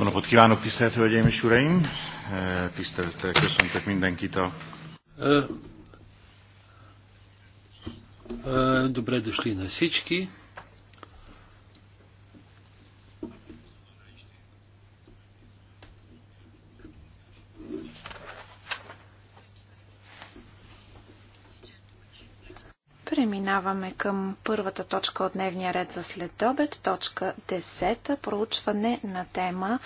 Jó napot kívánok, tisztelt Hölgyeim és Uraim! Tisztelettel köszöntök mindenkit a... Добре дошли на всички. Преминаваме към първата точка от дневния ред за следобед, точка 10, проучване на тема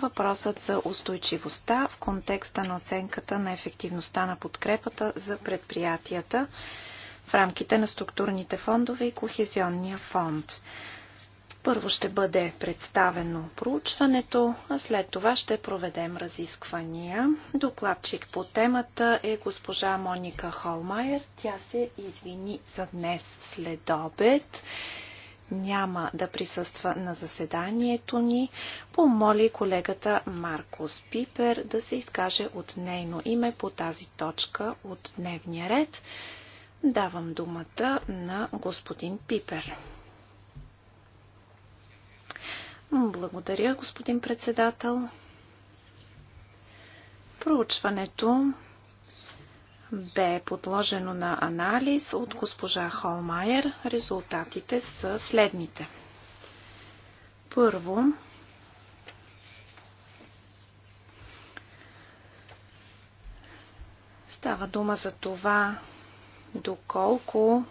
Въпросът за устойчивостта в контекста на оценката на ефективността на подкрепата за предприятията в рамките на структурните фондове и Кохезионния фонд. Първо ще бъде представено проучването, а след това ще проведем разисквания. Докладчик по темата е госпожа Моника Холмайер. Тя се извини за днес след обед. Няма да присъства на заседанието ни. Помоли колегата Маркос Пипер да се изкаже от нейно име по тази точка от дневния ред. Давам думата на господин Пипер. Благодаря, господин председател. Проучването бе подложено на анализ от госпожа Холмайер. Резултатите са следните. Първо, става дума за това, доколко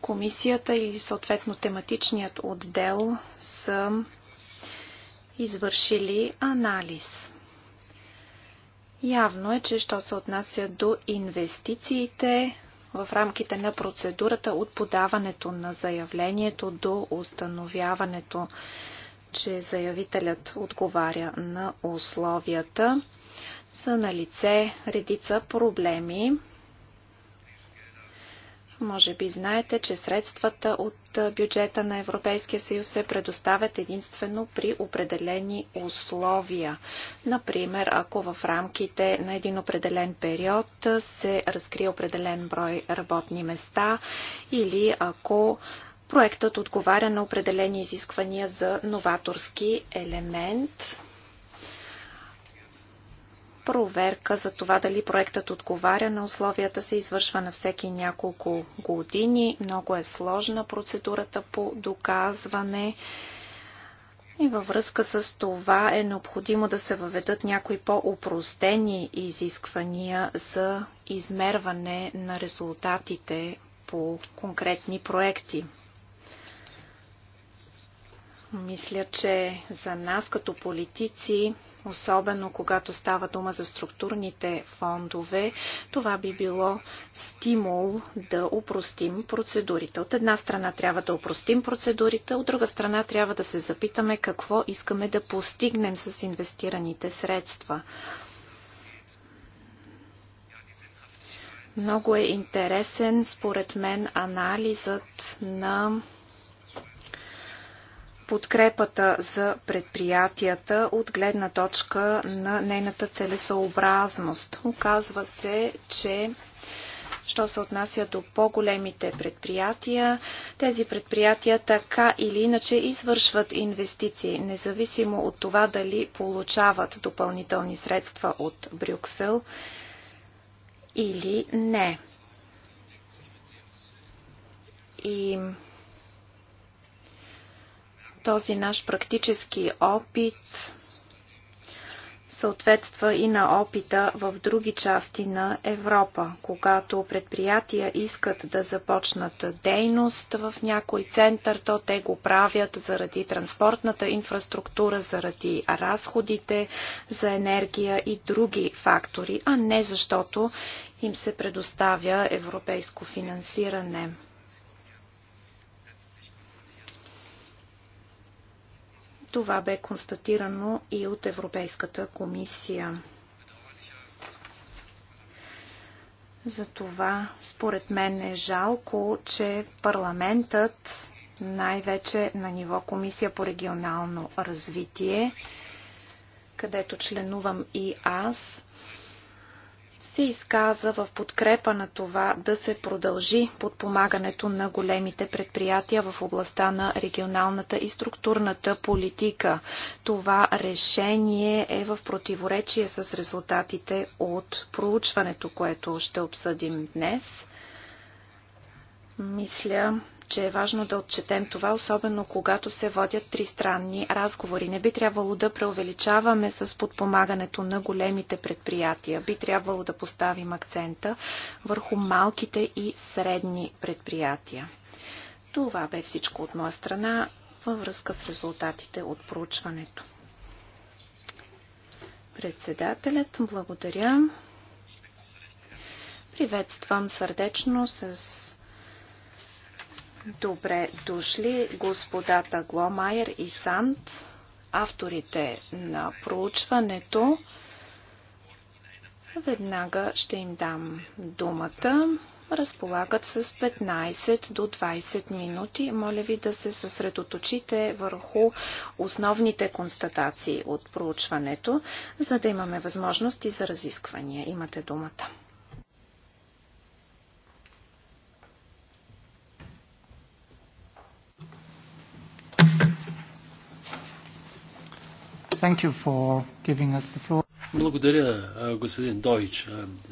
Комисията и съответно тематичният отдел са извършили анализ. Явно е, че що се отнася до инвестициите, в рамките на процедурата от подаването на заявлението до установяването, че заявителят отговаря на условията, са на лице редица проблеми, може би знаете, че средствата от бюджета на Европейския съюз се предоставят единствено при определени условия. Например, ако в рамките на един определен период се разкрие определен брой работни места или ако проектът отговаря на определени изисквания за новаторски елемент Проверка за това дали проектът отговаря на условията се извършва на всеки няколко години. Много е сложна процедурата по доказване. И във връзка с това е необходимо да се въведат някои по-упростени изисквания за измерване на резултатите по конкретни проекти. Мисля, че за нас като политици, особено когато става дума за структурните фондове, това би било стимул да упростим процедурите. От една страна трябва да упростим процедурите, от друга страна трябва да се запитаме какво искаме да постигнем с инвестираните средства. Много е интересен, според мен, анализът на подкрепата за предприятията от гледна точка на нейната целесообразност. Оказва се, че що се отнася до по-големите предприятия, тези предприятия така или иначе извършват инвестиции, независимо от това дали получават допълнителни средства от Брюксел или не. И този наш практически опит съответства и на опита в други части на Европа. Когато предприятия искат да започнат дейност в някой център, то те го правят заради транспортната инфраструктура, заради разходите за енергия и други фактори, а не защото им се предоставя европейско финансиране. Това бе констатирано и от Европейската комисия. Затова, според мен, е жалко, че парламентът, най-вече на ниво Комисия по регионално развитие, където членувам и аз, се изказа в подкрепа на това да се продължи подпомагането на големите предприятия в областта на регионалната и структурната политика. Това решение е в противоречие с резултатите от проучването, което ще обсъдим днес. Мисля, че е важно да отчетем това, особено когато се водят тристранни разговори. Не би трябвало да преувеличаваме с подпомагането на големите предприятия. Би трябвало да поставим акцента върху малките и средни предприятия. Това бе всичко от моя страна във връзка с резултатите от проучването. Председателят, благодаря. Приветствам сърдечно с Добре дошли господата Гломайер и Санд, авторите на проучването. Веднага ще им дам думата. Разполагат с 15 до 20 минути. Моля ви да се съсредоточите върху основните констатации от проучването, за да имаме възможности за разисквания. Имате думата. Thank you for giving us the floor. Благодаря, господин Дойч,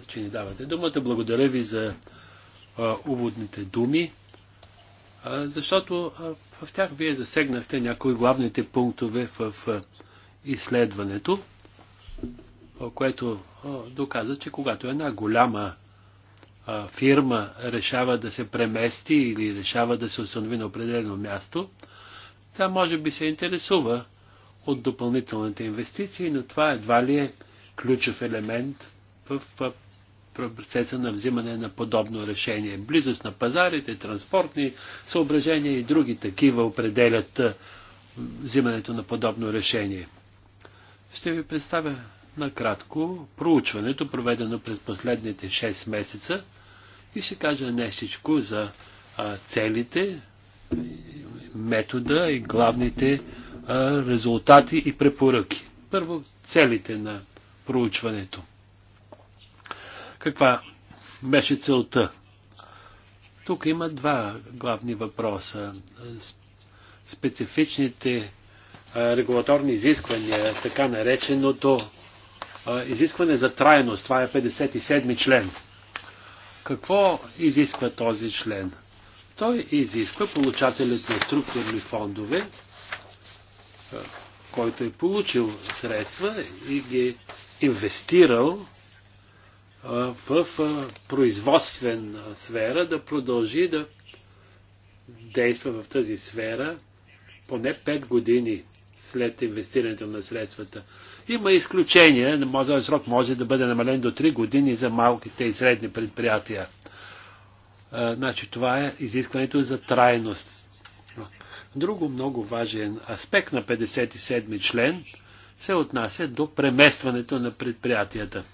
че ни давате думата. Благодаря ви за уводните думи, защото в тях вие засегнахте някои главните пунктове в изследването, което доказа, че когато една голяма фирма решава да се премести или решава да се установи на определено място, тя може би се интересува от допълнителните инвестиции, но това едва ли е ключов елемент в процеса на взимане на подобно решение. Близост на пазарите, транспортни съображения и други такива определят взимането на подобно решение. Ще ви представя накратко проучването, проведено през последните 6 месеца и ще кажа нещичко за целите, метода и главните резултати и препоръки. Първо, целите на проучването. Каква беше целта? Тук има два главни въпроса. Специфичните регулаторни изисквания, така нареченото изискване за трайност. Това е 57 член. Какво изисква този член? Той изисква получателят на структурни фондове който е получил средства и ги е инвестирал в производствена сфера, да продължи да действа в тази сфера поне 5 години след инвестирането на средствата. Има изключения, този срок може да бъде намален до 3 години за малките и средни предприятия. Значи това е изискването за трайност. Друго много важен аспект на 57 член се отнася до преместването на предприятията.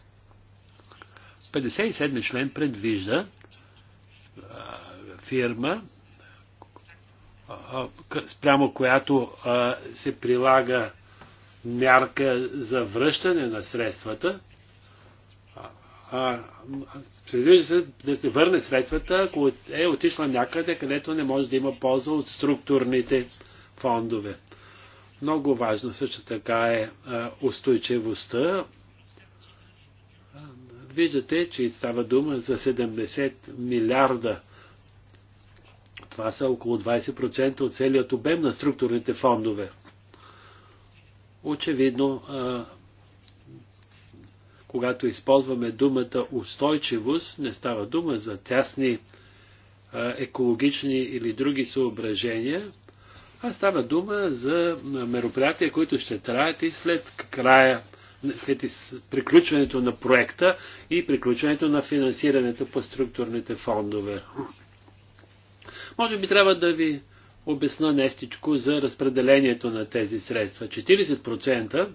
57 член предвижда фирма, спрямо която се прилага мярка за връщане на средствата, предвижда се да се върне средствата, ако е отишла някъде, където не може да има полза от структурните фондове. Много важно също така е устойчивостта. Виждате, че става дума за 70 милиарда. Това са около 20% от целият обем на структурните фондове. Очевидно, когато използваме думата устойчивост, не става дума за тясни екологични или други съображения, а става дума за мероприятия, които ще траят и след края, след приключването на проекта и приключването на финансирането по структурните фондове. Може би трябва да ви обясна нещичко за разпределението на тези средства. 40%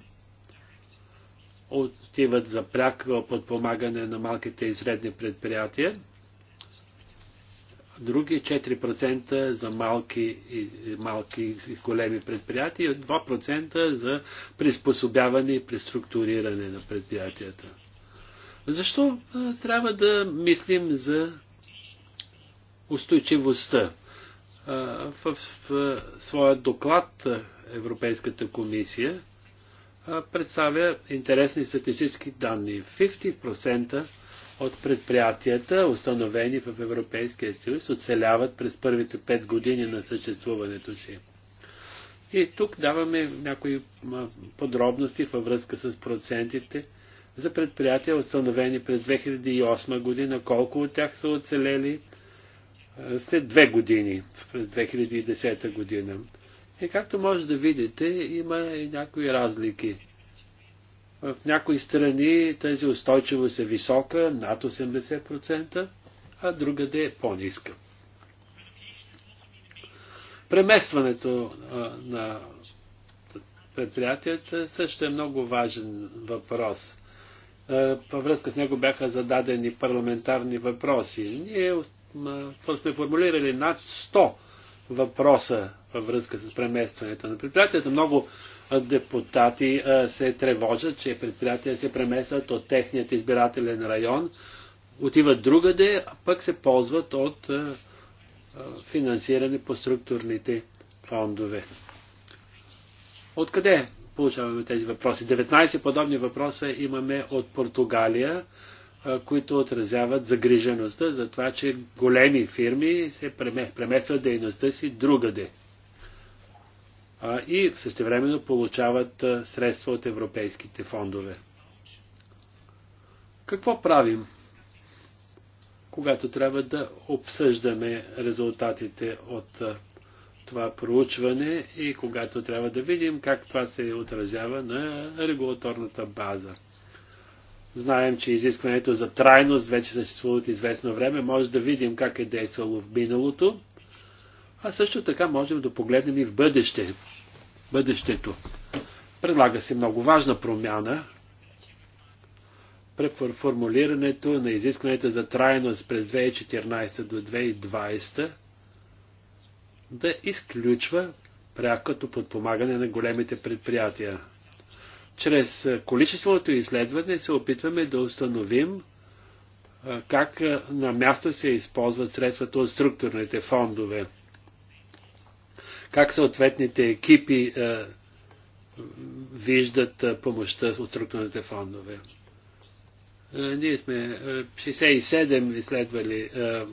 отиват за пряк подпомагане на малките и средни предприятия, други 4% за малки и, малки и големи предприятия, 2% за приспособяване и преструктуриране на предприятията. Защо трябва да мислим за устойчивостта? В своя доклад Европейската комисия представя интересни статистически данни. 50% от предприятията, установени в Европейския съюз, оцеляват през първите 5 години на съществуването си. И тук даваме някои подробности във връзка с процентите за предприятия, установени през 2008 година, колко от тях са оцелели след две години, през 2010 година. И както може да видите, има и някои разлики. В някои страни тази устойчивост е висока, над 80%, а другаде е по-ниска. Преместването на предприятията също е много важен въпрос. Във връзка с него бяха зададени парламентарни въпроси. Ние сме формулирали над 100 въпроса във връзка с преместването на предприятията. Много депутати се тревожат, че предприятия се преместват от техният избирателен район, отиват другаде, а пък се ползват от финансиране по структурните фондове. Откъде получаваме тези въпроси? 19 подобни въпроса имаме от Португалия, които отразяват загрижеността за това, че големи фирми се преместват дейността си другаде и същевременно получават средства от европейските фондове. Какво правим, когато трябва да обсъждаме резултатите от това проучване и когато трябва да видим как това се отразява на регулаторната база? Знаем, че изискването за трайност вече съществува от известно време. Може да видим как е действало в миналото а също така можем да погледнем и в бъдеще, бъдещето. Предлага се много важна промяна при формулирането на изискването за трайност през 2014 до 2020 да изключва прякото подпомагане на големите предприятия. Чрез количественото изследване се опитваме да установим как на място се използват средствата от структурните фондове как съответните екипи е, виждат е, помощта от структурните фондове. Е, ние сме 67 е, изследвали е, е,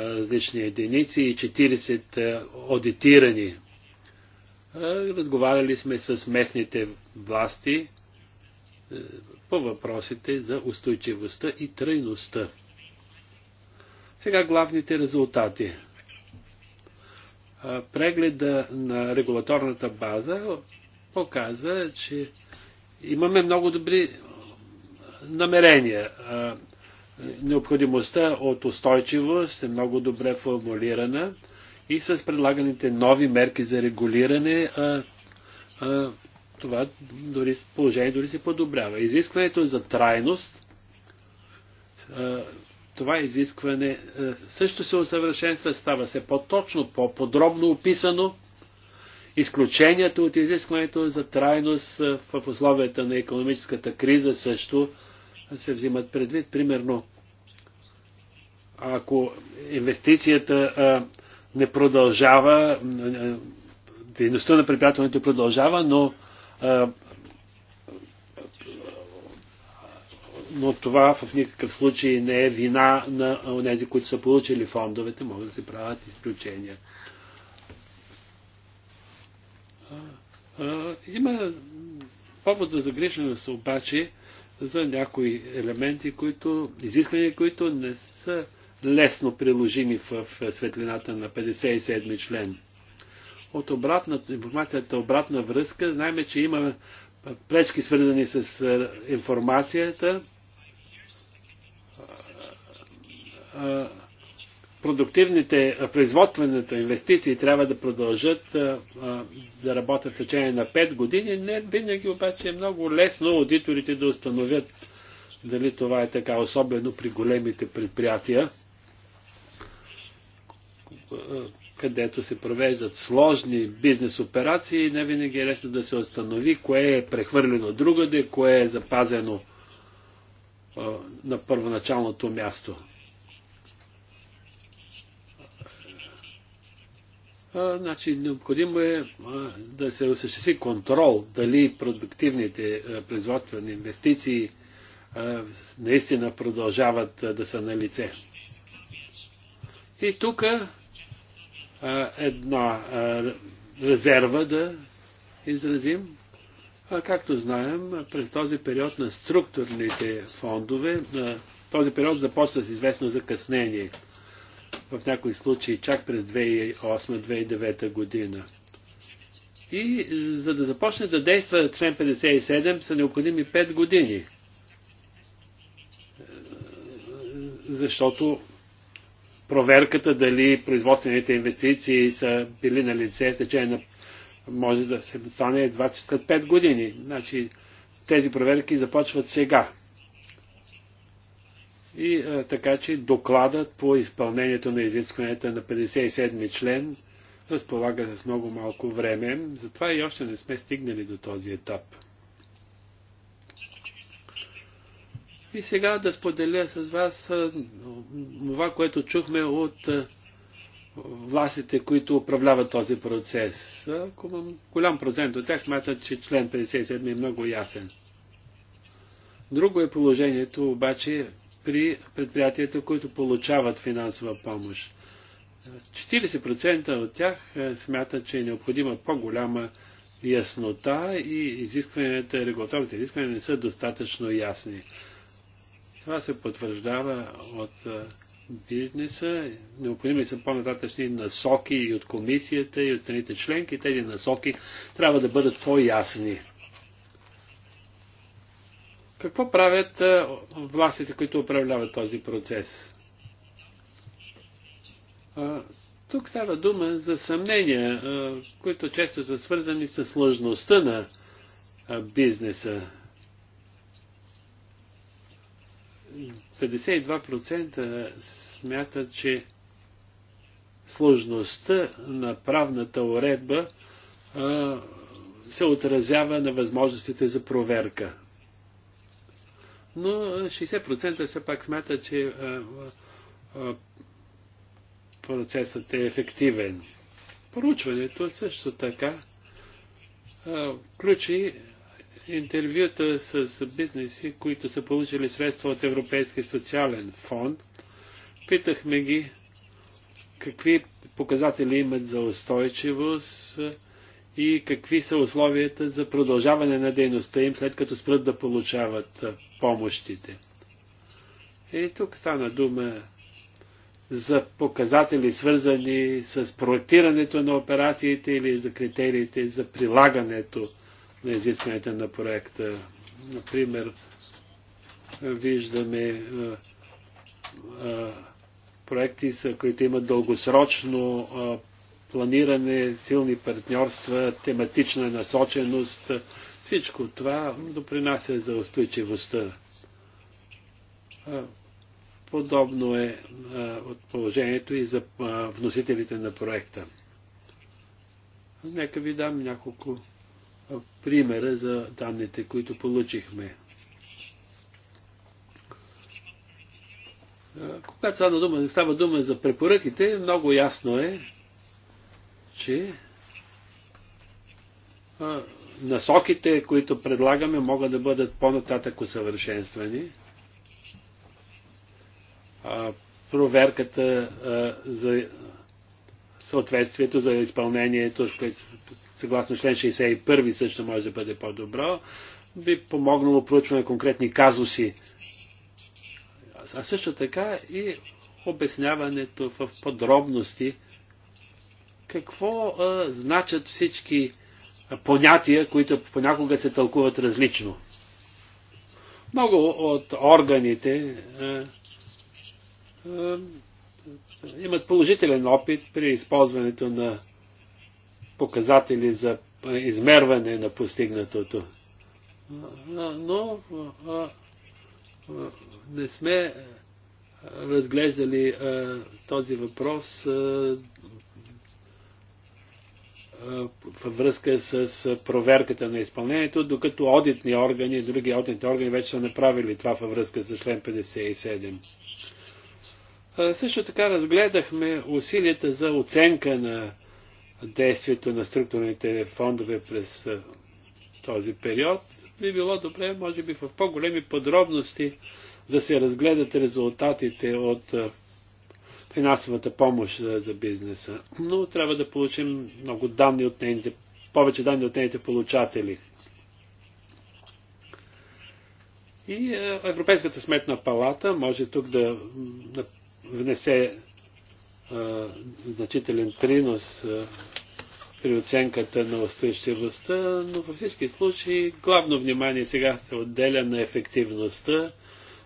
различни единици и 40 аудитирани. Разговаряли сме с местните власти по въпросите за устойчивостта и трайността. Сега главните резултати – прегледа на регулаторната база показа, че имаме много добри намерения. Необходимостта от устойчивост е много добре формулирана и с предлаганите нови мерки за регулиране това дори, положение дори се подобрява. Изискването за трайност това изискване е, също се усъвършенства, става се по-точно, по-подробно описано. Изключението от изискването за трайност е, в условията на економическата криза също се взимат предвид. Примерно, ако инвестицията е, не продължава, дейността на препятването продължава, но но това в никакъв случай не е вина на тези, които са получили фондовете, могат да се правят изключения. Има повод за загриженост обаче за някои елементи, които, изисквания, които не са лесно приложими в светлината на 57 член. От обратната, информацията е обратна връзка, знаем, че има пречки свързани с е, информацията, продуктивните, производствените инвестиции трябва да продължат да работят в течение на 5 години, не винаги обаче е много лесно аудиторите да установят дали това е така, особено при големите предприятия, където се провеждат сложни бизнес операции, не винаги е лесно да се установи кое е прехвърлено другаде, кое е запазено на първоначалното място. Значи, необходимо е да се осъществи контрол дали продуктивните производствени инвестиции наистина продължават да са на лице. И тук една резерва да изразим. Както знаем, през този период на структурните фондове, този период започва с известно закъснение – в някои случаи чак през 2008-2009 година. И за да започне да действа член 57 са необходими 5 години. Защото проверката дали производствените инвестиции са били на лице в течение на може да се стане едва след 5 години. Значи тези проверки започват сега и а, така че докладът по изпълнението на изискванията на 57 член разполага с много малко време, затова и още не сме стигнали до този етап. И сега да споделя с вас това, което чухме от властите, които управляват този процес. Голям процент от тях смятат, че член 57 е много ясен. Друго е положението обаче при предприятията, които получават финансова помощ. 40% от тях е, смятат, че е необходима по-голяма яснота и изискванията, регулаторните изисквания не са достатъчно ясни. Това се потвърждава от е, бизнеса. Необходими са по-нататъчни насоки и от комисията, и от страните членки. Тези насоки трябва да бъдат по-ясни. Какво правят властите, които управляват този процес? Тук става дума за съмнения, които често са свързани с сложността на бизнеса. 52% смятат, че сложността на правната уредба се отразява на възможностите за проверка но 60% все пак смята, че процесът е ефективен. Поручването е също така включи интервюта с бизнеси, които са получили средства от Европейския социален фонд. Питахме ги какви показатели имат за устойчивост, и какви са условията за продължаване на дейността им, след като спрат да получават помощите. И тук стана дума за показатели, свързани с проектирането на операциите или за критериите за прилагането на изискването на проекта. Например, виждаме проекти, които имат дългосрочно планиране, силни партньорства, тематична насоченост. Всичко това допринася за устойчивостта. Подобно е от положението и за вносителите на проекта. Нека ви дам няколко примера за данните, които получихме. Когато става дума, става дума за препоръките, много ясно е, че насоките, които предлагаме, могат да бъдат по-нататък усъвършенствани. Проверката за съответствието за изпълнението, съгласно член 61 също може да бъде по-добро, би помогнало проучване конкретни казуси. А също така и обясняването в подробности какво а, значат всички понятия, които понякога се тълкуват различно. Много от органите а, а, имат положителен опит при използването на показатели за измерване на постигнатото. Но а, а, не сме разглеждали а, този въпрос а, във връзка с проверката на изпълнението, докато одитни органи и други одитни органи вече са направили това във връзка с член 57. Също така разгледахме усилията за оценка на действието на структурните фондове през този период. Би било добре, може би в по-големи подробности, да се разгледат резултатите от финансовата помощ за, за бизнеса. Но трябва да получим много данни от нейните, повече данни от нейните получатели. И е, Европейската сметна палата може тук да, да внесе а, е, значителен принос а, е, при оценката на устойчивостта, но във всички случаи главно внимание сега се отделя на ефективността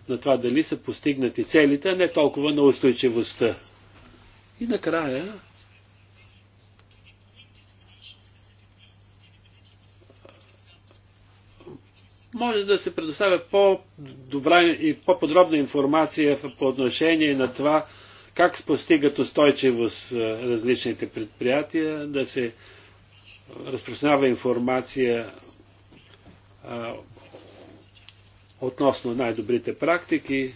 на това дали са постигнати целите, а не толкова на устойчивостта. И накрая може да се предоставя по-добра и по-подробна информация по отношение на това как постигат устойчивост е, различните предприятия, да се разпространява информация е, относно най-добрите практики,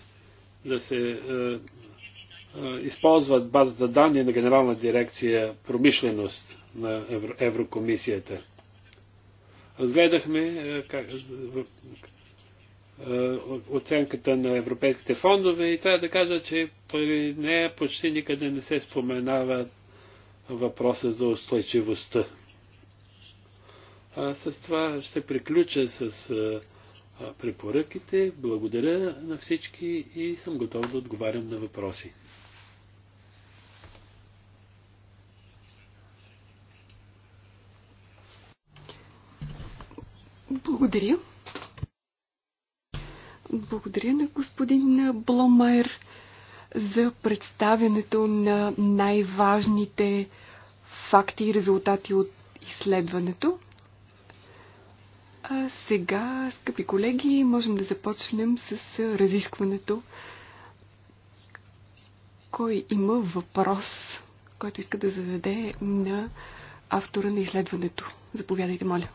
да се е, е, използват базата данни на Генерална дирекция промишленост на Евро, Еврокомисията. Разгледахме е, как, в, е, оценката на европейските фондове и трябва да кажа, че при нея почти никъде не се споменава въпроса за устойчивостта. А с това ще приключа с е, препоръките. Благодаря на всички и съм готов да отговарям на въпроси. Благодаря. Благодаря на господин Бломайер за представянето на най-важните факти и резултати от изследването. А сега, скъпи колеги, можем да започнем с разискването. Кой има въпрос, който иска да зададе на автора на изследването? Заповядайте, моля.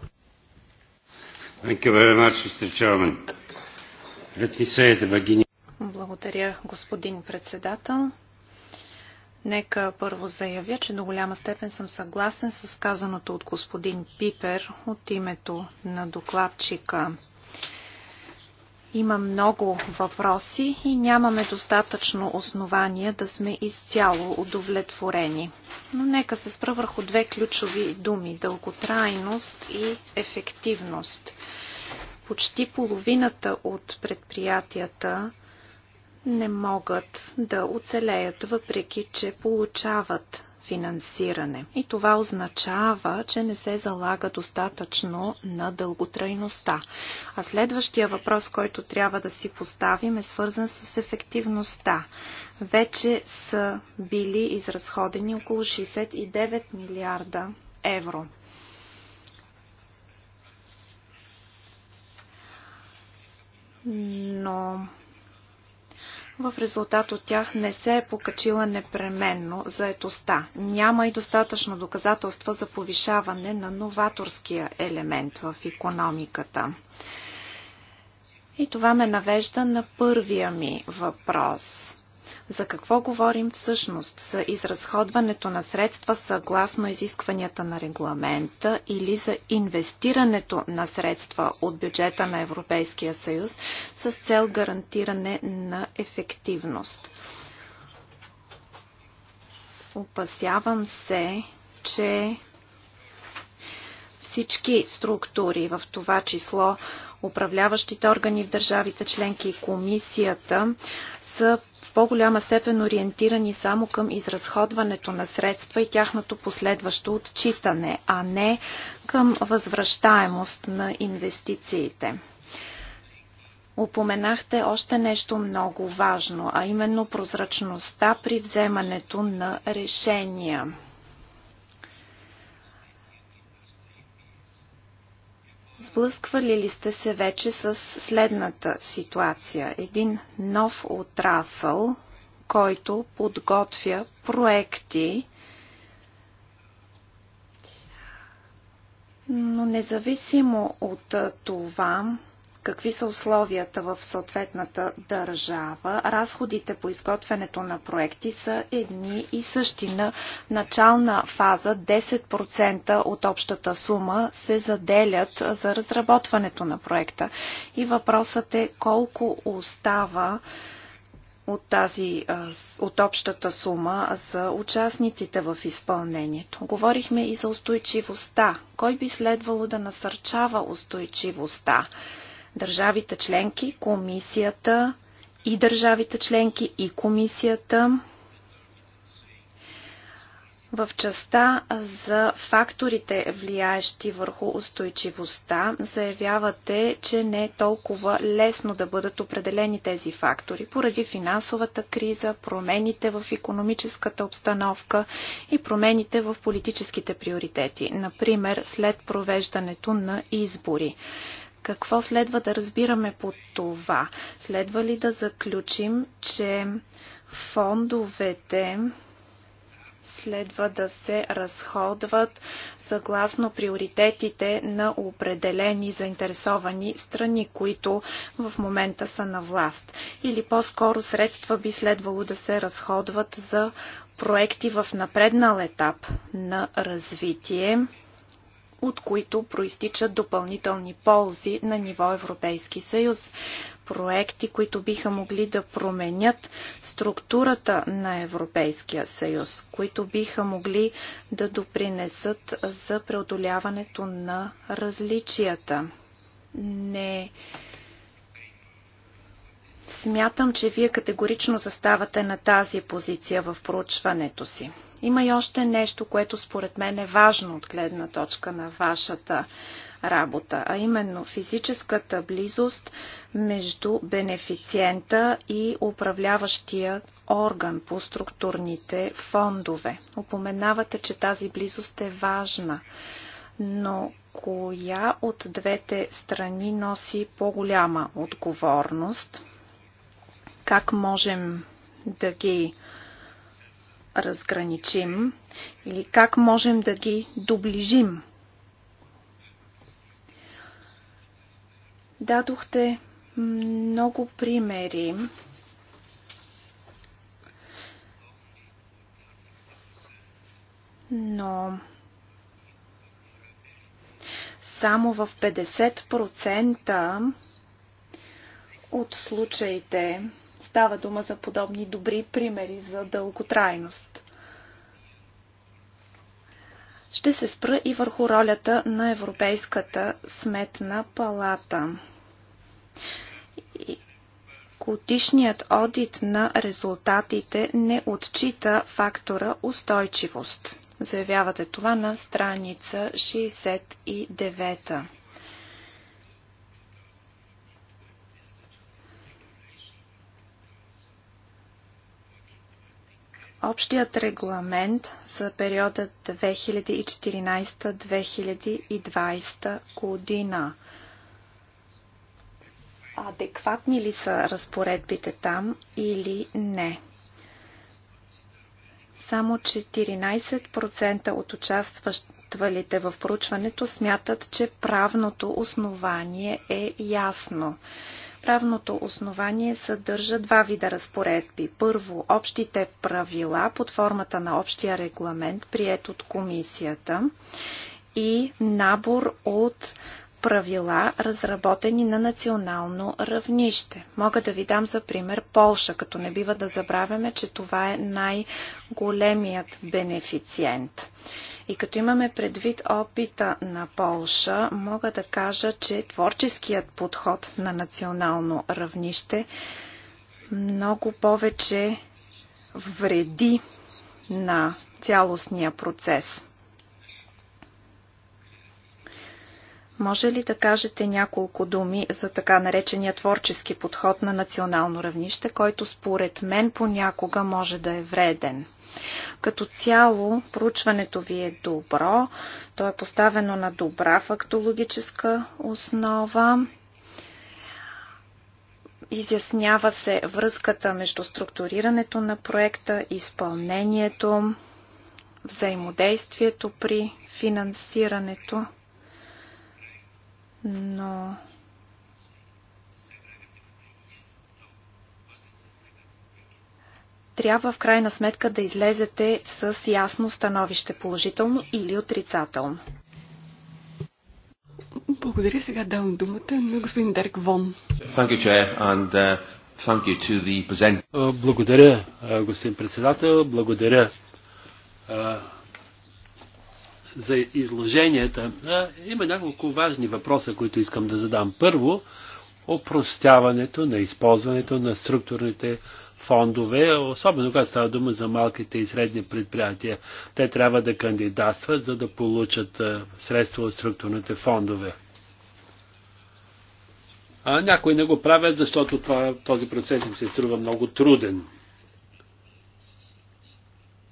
Благодаря, господин председател. Нека първо заявя, че до голяма степен съм съгласен с казаното от господин Пипер от името на докладчика. Има много въпроси и нямаме достатъчно основания да сме изцяло удовлетворени. Но нека се спра върху две ключови думи – дълготрайност и ефективност. Почти половината от предприятията – не могат да оцелеят, въпреки че получават финансиране. И това означава, че не се залага достатъчно на дълготрайността. А следващия въпрос, който трябва да си поставим е свързан с ефективността. Вече са били изразходени около 69 милиарда евро. Но в резултат от тях не се е покачила непременно заетостта. Няма и достатъчно доказателства за повишаване на новаторския елемент в економиката. И това ме навежда на първия ми въпрос. За какво говорим всъщност? За изразходването на средства съгласно изискванията на регламента или за инвестирането на средства от бюджета на Европейския съюз с цел гарантиране на ефективност? Опасявам се, че всички структури, в това число управляващите органи в държавите членки и комисията, са по-голяма степен ориентирани само към изразходването на средства и тяхното последващо отчитане, а не към възвръщаемост на инвестициите. Упоменахте още нещо много важно, а именно прозрачността при вземането на решения. Сблъсквали ли сте се вече с следната ситуация? Един нов отрасъл, който подготвя проекти, но независимо от това, какви са условията в съответната държава. Разходите по изготвянето на проекти са едни и същи. На начална фаза 10% от общата сума се заделят за разработването на проекта. И въпросът е колко остава от, тази, от общата сума за участниците в изпълнението. Говорихме и за устойчивостта. Кой би следвало да насърчава устойчивостта? държавите членки, комисията и държавите членки и комисията в частта за факторите, влияещи върху устойчивостта, заявявате, че не е толкова лесно да бъдат определени тези фактори, поради финансовата криза, промените в економическата обстановка и промените в политическите приоритети, например след провеждането на избори. Какво следва да разбираме по това? Следва ли да заключим, че фондовете следва да се разходват съгласно приоритетите на определени заинтересовани страни, които в момента са на власт. Или по-скоро средства би следвало да се разходват за проекти в напреднал етап на развитие, от които проистичат допълнителни ползи на ниво Европейски съюз. Проекти, които биха могли да променят структурата на Европейския съюз, които биха могли да допринесат за преодоляването на различията. Не Смятам, че вие категорично заставате на тази позиция в проучването си. Има и още нещо, което според мен е важно от гледна точка на вашата работа, а именно физическата близост между бенефициента и управляващия орган по структурните фондове. Опоменавате, че тази близост е важна, но коя от двете страни носи по-голяма отговорност? Как можем да ги разграничим или как можем да ги доближим? Дадохте много примери но само в 50% от случаите става дума за подобни добри примери за дълготрайност. Ще се спра и върху ролята на Европейската сметна палата. Котишният одит на резултатите не отчита фактора устойчивост. Заявявате това на страница 69. Общият регламент за периода 2014-2020 година. Адекватни ли са разпоредбите там или не? Само 14% от участвалите в проучването смятат, че правното основание е ясно. Правното основание съдържа два вида разпоредби. Първо, общите правила под формата на общия регламент, прият от комисията и набор от правила, разработени на национално равнище. Мога да ви дам за пример Полша, като не бива да забравяме, че това е най-големият бенефициент. И като имаме предвид опита на Полша, мога да кажа, че творческият подход на национално равнище много повече вреди на цялостния процес. Може ли да кажете няколко думи за така наречения творчески подход на национално равнище, който според мен понякога може да е вреден? Като цяло, проучването ви е добро. То е поставено на добра фактологическа основа. Изяснява се връзката между структурирането на проекта, изпълнението, взаимодействието при финансирането. Но трябва в крайна сметка да излезете с ясно становище, положително или отрицателно. Благодаря. Сега давам думата на господин Дерк Вон. Благодаря, господин председател. Благодаря за изложенията. Има няколко важни въпроса, които искам да задам. Първо, опростяването на използването на структурните фондове, особено когато става дума за малките и средни предприятия. Те трябва да кандидатстват, за да получат е, средства от структурните фондове. А някои не го правят, защото това, този процес им се струва много труден.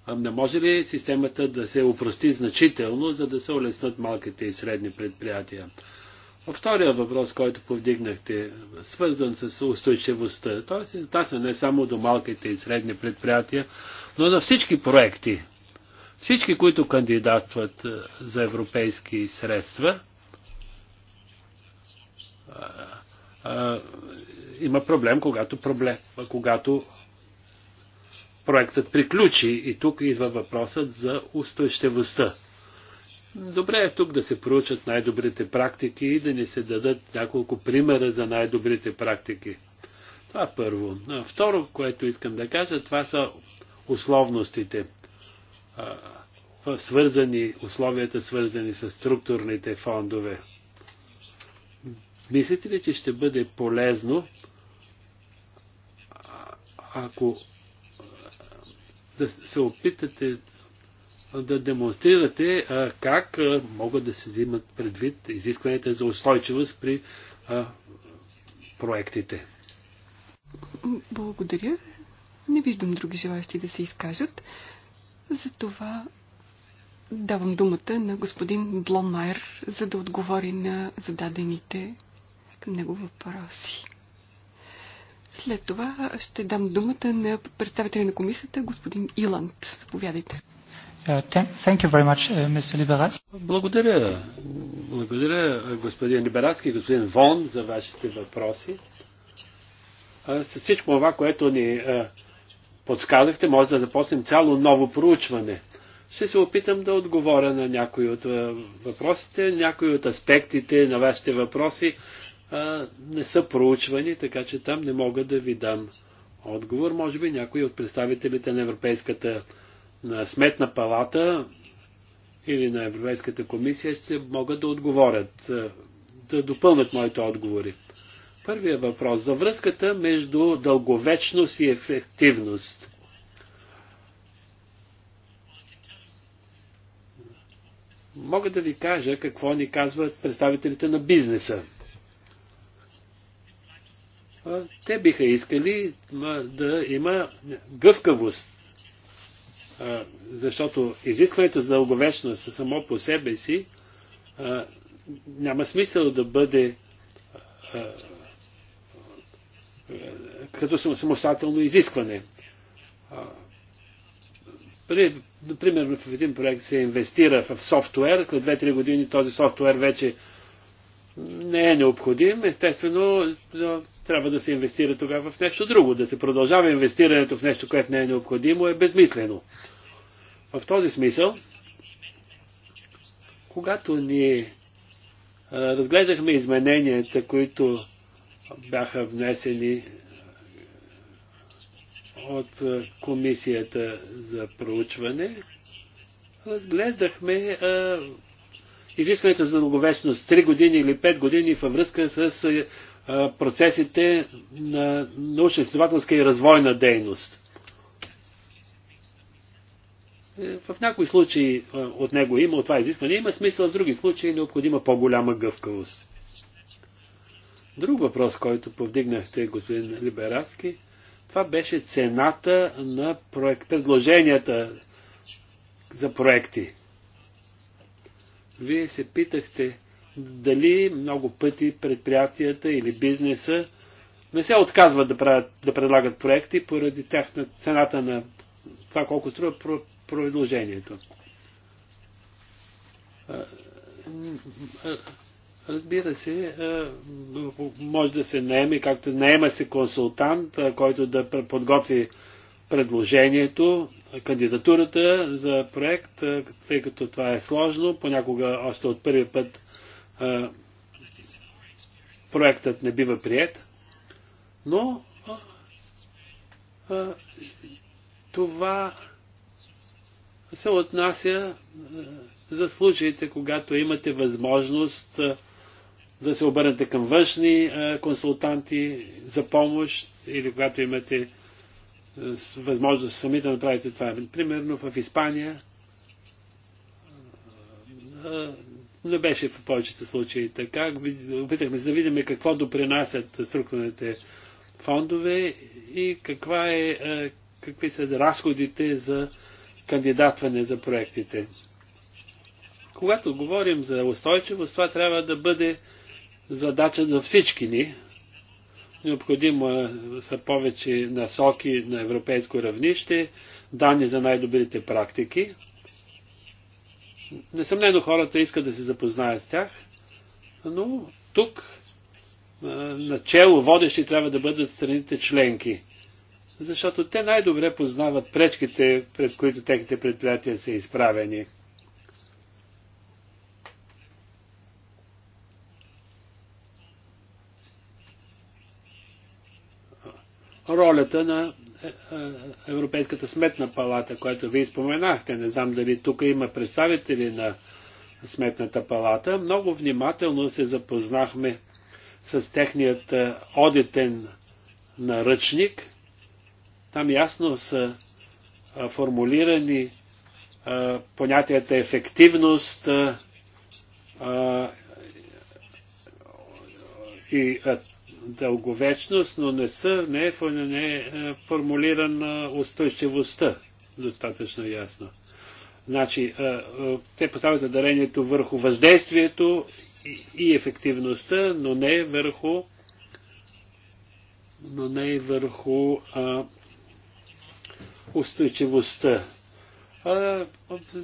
А не може ли системата да се упрости значително, за да се улеснат малките и средни предприятия? Втория въпрос, който повдигнахте, свързан с устойчивостта, т.е. отнася не само до малките и средни предприятия, но на всички проекти. Всички, които кандидатстват е, за европейски средства, е, е, има проблем, когато, проблем, когато проектът приключи. И тук идва въпросът за устойчивостта. Добре е тук да се проучат най-добрите практики и да ни се дадат няколко примера за най-добрите практики. Това е първо. второ, което искам да кажа, това са условностите. свързани, условията свързани с структурните фондове. Мислите ли, че ще бъде полезно, ако да се опитате да демонстрирате как могат да се взимат предвид изискванията за устойчивост при проектите. Благодаря. Не виждам други желащи да се изкажат. Затова давам думата на господин Бломайер, за да отговори на зададените към него въпроси. След това ще дам думата на представителя на комисията, господин Иланд. Заповядайте. Uh, thank you very much, uh, Mr. Благодаря. Благодаря, господин Либерацки и господин Вон, за вашите въпроси. С всичко това, което ни подсказахте, може да започнем цяло ново проучване. Ще се опитам да отговоря на някои от въпросите, някои от аспектите на вашите въпроси не са проучвани, така че там не мога да ви дам отговор. Може би някои от представителите на Европейската на Сметна палата или на Европейската комисия ще могат да отговорят, е, да допълнят моите отговори. Първият въпрос за връзката между дълговечност и ефективност. Мога да ви кажа какво ни казват представителите на бизнеса. Е, те биха искали да има гъвкавост защото изискването за дълговечност само по себе си няма смисъл да бъде като самостоятелно изискване. Например, в един проект се инвестира в софтуер, след 2-3 години този софтуер вече не е необходим, естествено трябва да се инвестира тогава в нещо друго. Да се продължава инвестирането в нещо, което не е необходимо, е безмислено. В този смисъл, когато ни разглеждахме измененията, които бяха внесени от комисията за проучване, разглеждахме изискването за дълговечност 3 години или 5 години във връзка с процесите на научно-изследователска и развойна дейност. Е, в някои случаи от него има, от това изискване има смисъл, в други случаи е необходима по-голяма гъвкавост. Друг въпрос, който повдигнахте, господин Либераски, това беше цената на проект, предложенията за проекти. Вие се питахте дали много пъти предприятията или бизнеса не се отказват да, правят, да предлагат проекти поради тяхна цената на това колко струва предложението. Разбира се, може да се наеме, както наема се консултант, който да подготви предложението, кандидатурата за проект, тъй като това е сложно. Понякога още от първи път проектът не бива прият. Но това се отнася за случаите, когато имате възможност да се обърнете към външни консултанти за помощ или когато имате възможност сами да направите това. Примерно в Испания не беше в повечето случаи така. Опитахме се да видим какво допринасят структурните фондове и каква е, какви са разходите за кандидатване за проектите. Когато говорим за устойчивост, това трябва да бъде задача на всички ни, Необходимо е, са повече насоки на европейско равнище, данни за най-добрите практики. Несъмнено хората искат да се запознаят с тях, но тук начало водещи трябва да бъдат страните членки, защото те най-добре познават пречките, пред които техните предприятия са изправени. ролята на е, е, Европейската сметна палата, която вие споменахте. Не знам дали тук има представители на сметната палата. Много внимателно се запознахме с техният е, одитен наръчник. Там ясно са формулирани понятията ефективност и дълговечност, но не, са, не, е, не е, е формулирана устойчивостта достатъчно ясно. Значи, е, е, те поставят дарението върху въздействието и ефективността, но не върху но не и върху а, устойчивостта. А,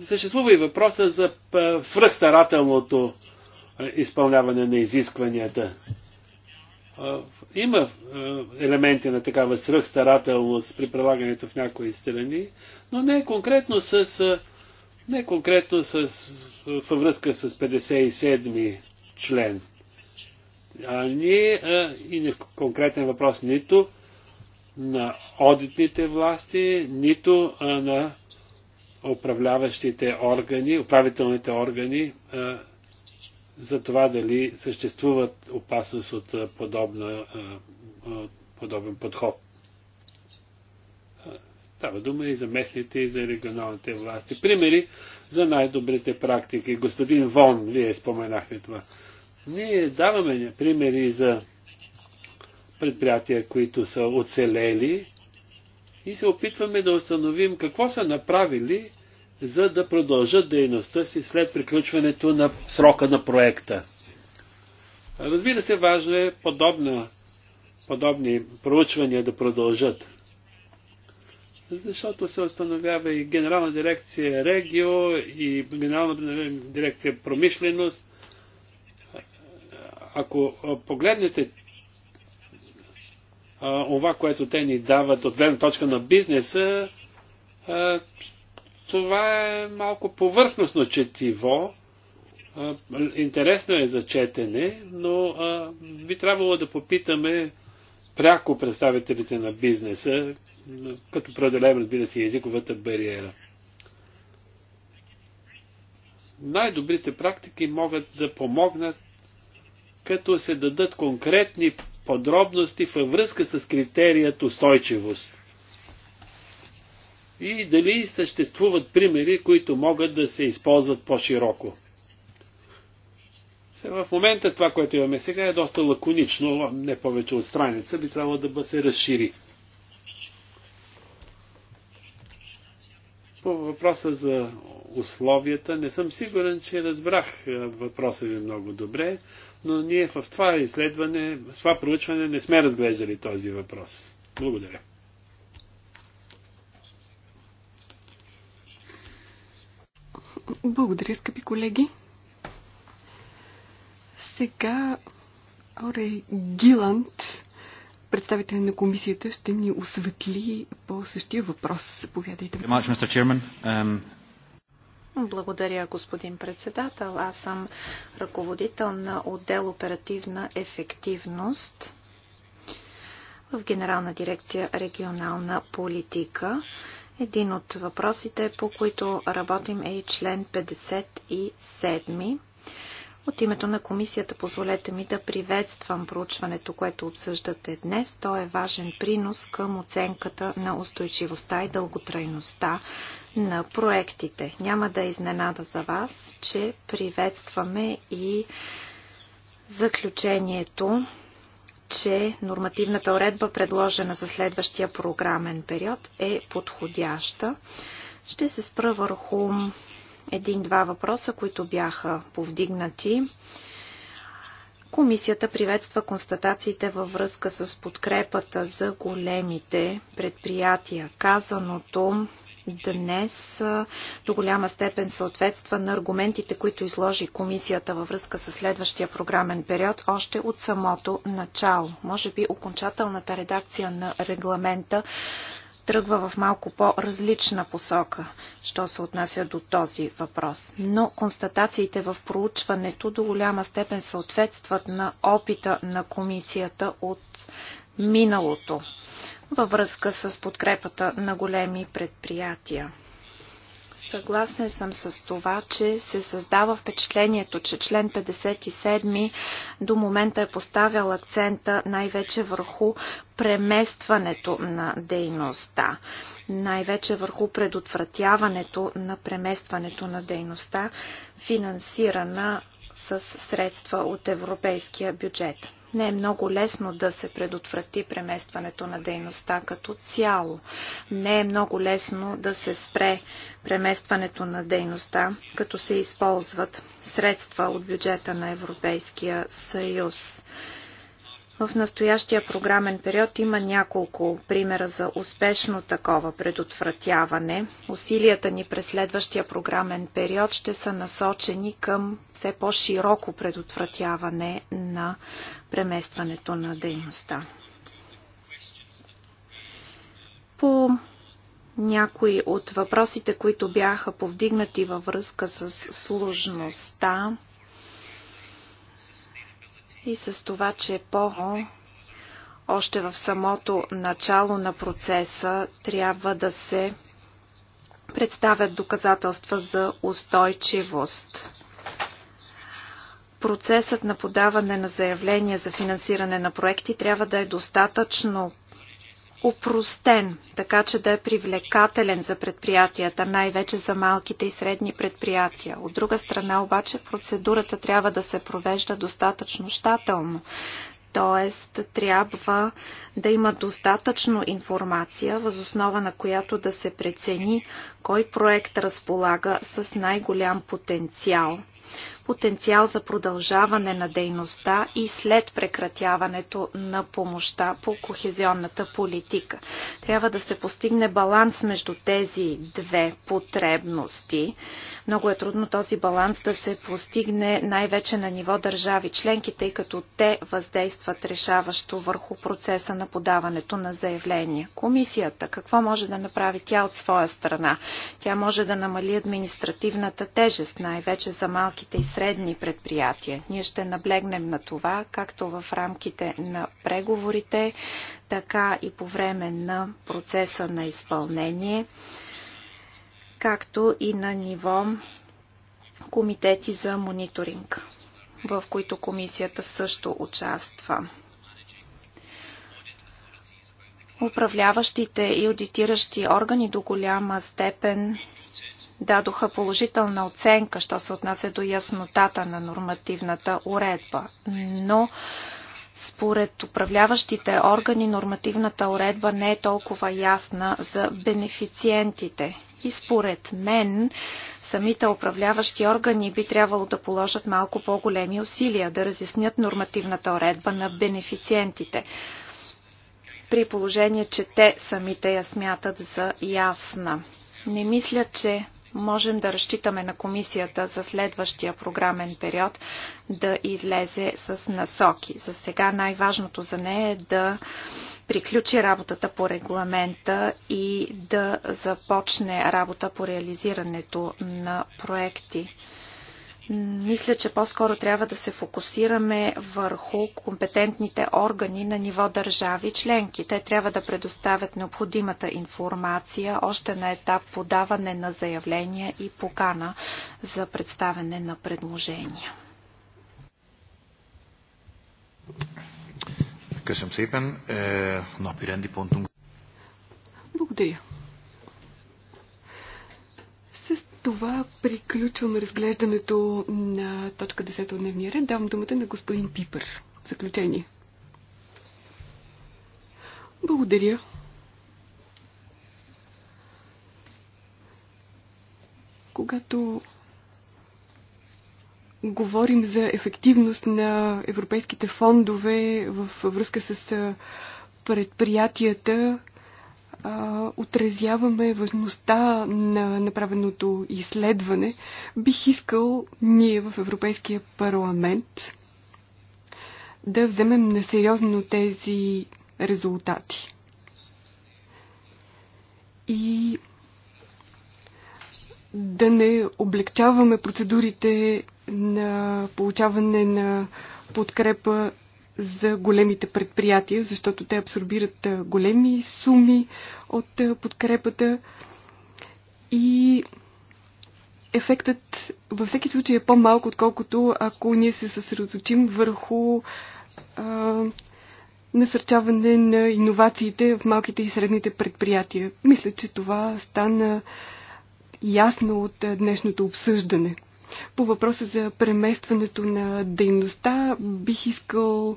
съществува и въпроса за свръхстарателното изпълняване на изискванията. Има е, елементи на такава свръхстарателност при прилагането в някои страни, но не конкретно с, не конкретно с, във връзка с 57 член. А ние, и не конкретен въпрос, нито на одитните власти, нито на управляващите органи, управителните органи за това дали съществуват опасност от подобна, подобен подход. Става дума и за местните, и за регионалните власти. Примери за най-добрите практики. Господин Вон, вие споменахте това. Ние даваме примери за предприятия, които са оцелели и се опитваме да установим какво са направили, за да продължат дейността си след приключването на срока на проекта. Разбира се, важно е подобна, подобни проучвания да продължат. Защото се установява и Генерална дирекция Регио и Генерална дирекция Промишленост. Ако погледнете това, което те ни дават от гледна точка на бизнеса, това е малко повърхностно четиво. Интересно е за четене, но би трябвало да попитаме пряко представителите на бизнеса, като преодолеем, разбира се, езиковата бариера. Най-добрите практики могат да помогнат, като се дадат конкретни подробности във връзка с критерият устойчивост и дали съществуват примери, които могат да се използват по-широко. В момента това, което имаме сега е доста лаконично, не повече от страница, би трябвало да се разшири. По въпроса за условията, не съм сигурен, че разбрах е, въпроса ви много добре, но ние в това изследване, в това проучване не сме разглеждали този въпрос. Благодаря. Благодаря, скъпи колеги. Сега Оре Гиланд, представител на комисията, ще ни осветли по същия въпрос. Заповядайте. Um, Благодаря, господин председател. Аз съм ръководител на отдел оперативна ефективност в Генерална дирекция регионална политика. Един от въпросите, по които работим е и член 57. От името на комисията позволете ми да приветствам проучването, което обсъждате днес. То е важен принос към оценката на устойчивостта и дълготрайността на проектите. Няма да е изненада за вас, че приветстваме и заключението че нормативната уредба, предложена за следващия програмен период, е подходяща. Ще се спра върху един-два въпроса, които бяха повдигнати. Комисията приветства констатациите във връзка с подкрепата за големите предприятия. Казаното днес до голяма степен съответства на аргументите, които изложи комисията във връзка с следващия програмен период още от самото начало. Може би окончателната редакция на регламента тръгва в малко по-различна посока, що се отнася до този въпрос. Но констатациите в проучването до голяма степен съответстват на опита на комисията от миналото във връзка с подкрепата на големи предприятия. Съгласен съм с това, че се създава впечатлението, че член 57 до момента е поставял акцента най-вече върху преместването на дейността, най-вече върху предотвратяването на преместването на дейността, финансирана с средства от европейския бюджет не е много лесно да се предотврати преместването на дейността като цяло. Не е много лесно да се спре преместването на дейността, като се използват средства от бюджета на Европейския съюз. В настоящия програмен период има няколко примера за успешно такова предотвратяване. Усилията ни през следващия програмен период ще са насочени към все по-широко предотвратяване на преместването на дейността. По някои от въпросите, които бяха повдигнати във връзка с сложността, и с това, че е по още в самото начало на процеса трябва да се представят доказателства за устойчивост. Процесът на подаване на заявления за финансиране на проекти трябва да е достатъчно опростен, така че да е привлекателен за предприятията, най-вече за малките и средни предприятия. От друга страна обаче процедурата трябва да се провежда достатъчно щателно, т.е. трябва да има достатъчно информация, възоснова на която да се прецени кой проект разполага с най-голям потенциал потенциал за продължаване на дейността и след прекратяването на помощта по кохезионната политика. Трябва да се постигне баланс между тези две потребности. Много е трудно този баланс да се постигне най-вече на ниво държави членки, тъй като те въздействат решаващо върху процеса на подаването на заявления. Комисията, какво може да направи тя от своя страна? Тя може да намали административната тежест, най-вече за малките и средни предприятия. Ние ще наблегнем на това, както в рамките на преговорите, така и по време на процеса на изпълнение, както и на ниво комитети за мониторинг, в които комисията също участва. Управляващите и аудитиращи органи до голяма степен дадоха положителна оценка, що се отнася до яснотата на нормативната уредба. Но според управляващите органи нормативната уредба не е толкова ясна за бенефициентите. И според мен самите управляващи органи би трябвало да положат малко по-големи усилия да разяснят нормативната уредба на бенефициентите при положение, че те самите я смятат за ясна. Не мисля, че можем да разчитаме на комисията за следващия програмен период да излезе с насоки. За сега най-важното за нея е да приключи работата по регламента и да започне работа по реализирането на проекти. Мисля, че по-скоро трябва да се фокусираме върху компетентните органи на ниво държави членки. Те трябва да предоставят необходимата информация още на етап подаване на заявления и покана за представяне на предложения. Е, Благодаря. това приключваме разглеждането на точка 10 от дневния ред. Давам думата на господин Пипър. Заключение. Благодаря. Когато говорим за ефективност на европейските фондове в връзка с предприятията а, отразяваме важността на направеното изследване, бих искал ние в Европейския парламент да вземем на сериозно тези резултати. И да не облегчаваме процедурите на получаване на подкрепа за големите предприятия, защото те абсорбират големи суми от подкрепата и ефектът във всеки случай е по-малко, отколкото ако ние се съсредоточим върху а, насърчаване на иновациите в малките и средните предприятия. Мисля, че това стана ясно от днешното обсъждане. По въпроса за преместването на дейността бих искал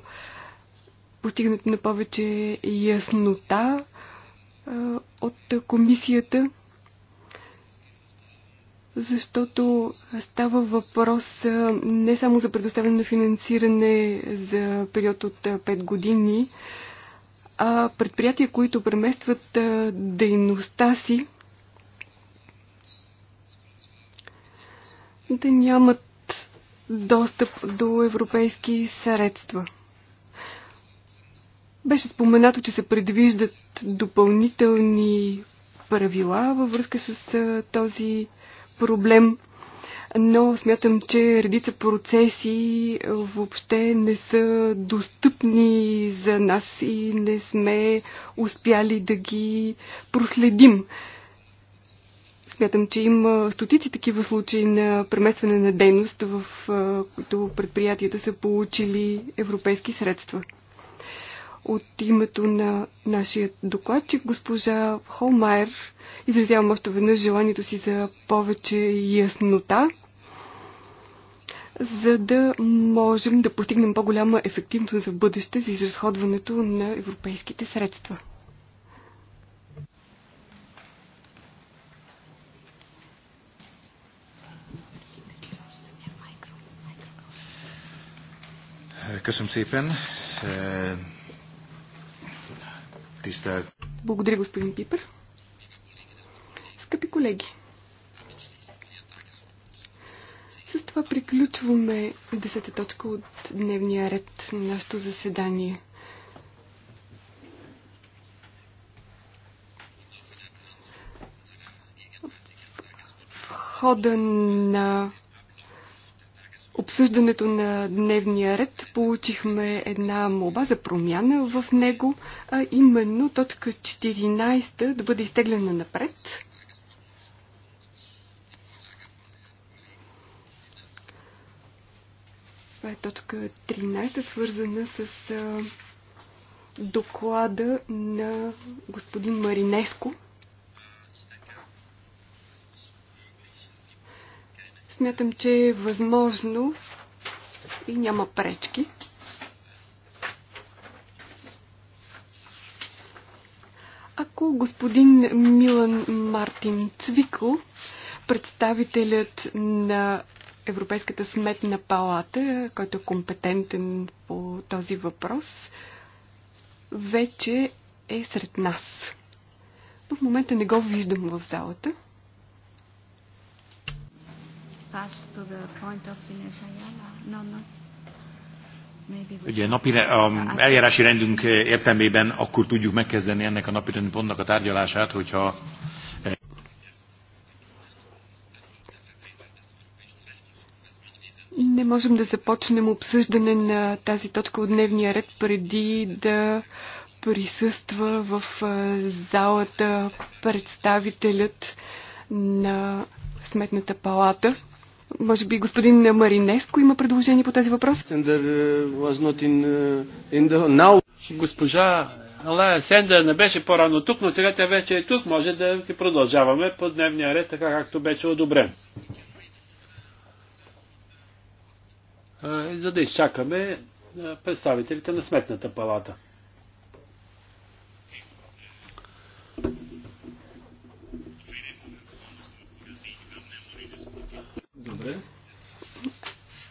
постигането на повече яснота от комисията, защото става въпрос не само за предоставяне на финансиране за период от 5 години, а предприятия, които преместват дейността си да нямат достъп до европейски средства. Беше споменато, че се предвиждат допълнителни правила във връзка с този проблем, но смятам, че редица процеси въобще не са достъпни за нас и не сме успяли да ги проследим. Смятам, че има стотици такива случаи на преместване на дейност, в които предприятията са получили европейски средства. От името на нашия докладчик, госпожа Холмайер, изразявам още веднъж желанието си за повече яснота, за да можем да постигнем по-голяма ефективност за бъдеще за изразходването на европейските средства. Köszönöm szépen. Tisztelt. Благодаря, господин Пипер. Скъпи колеги, с това приключваме десета точка от дневния ред на нашето заседание. В хода на обсъждането на дневния ред получихме една моба за промяна в него, а именно точка 14 да бъде изтеглена напред. Това е точка 13, свързана с доклада на господин Маринеско Смятам, че е възможно и няма пречки. Ако господин Милан Мартин Цвикл, представителят на Европейската сметна палата, който е компетентен по този въпрос, вече е сред нас. В момента не го виждам в залата pass to the point of Ines Ayala? No, no. Ugye napi, a eljárási rendünk értelmében akkor tudjuk megkezdeni ennek a napi pontnak a tárgyalását, hogyha Не можем да започнем обсъждане на тази точка от дневния ред преди да присъства в залата представителят на Сметната палата. Може би господин Маринеско има предложение по тези въпроси. Е, е, Госпожа Алая Сендър не беше по-рано тук, но сега тя вече е тук. Може да си продължаваме по дневния ред, така както беше одобрен. Е, за да изчакаме представителите на Сметната палата.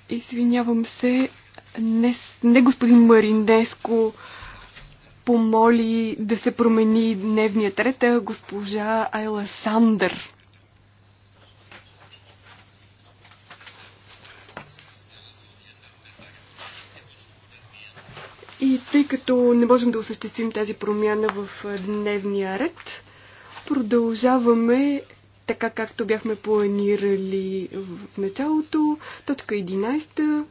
Извинявам се, не, не господин Мариндеско помоли да се промени дневният ред, а госпожа Айла Сандър. И тъй като не можем да осъществим тази промяна в дневния ред, продължаваме така както бяхме планирали в началото. Точка 11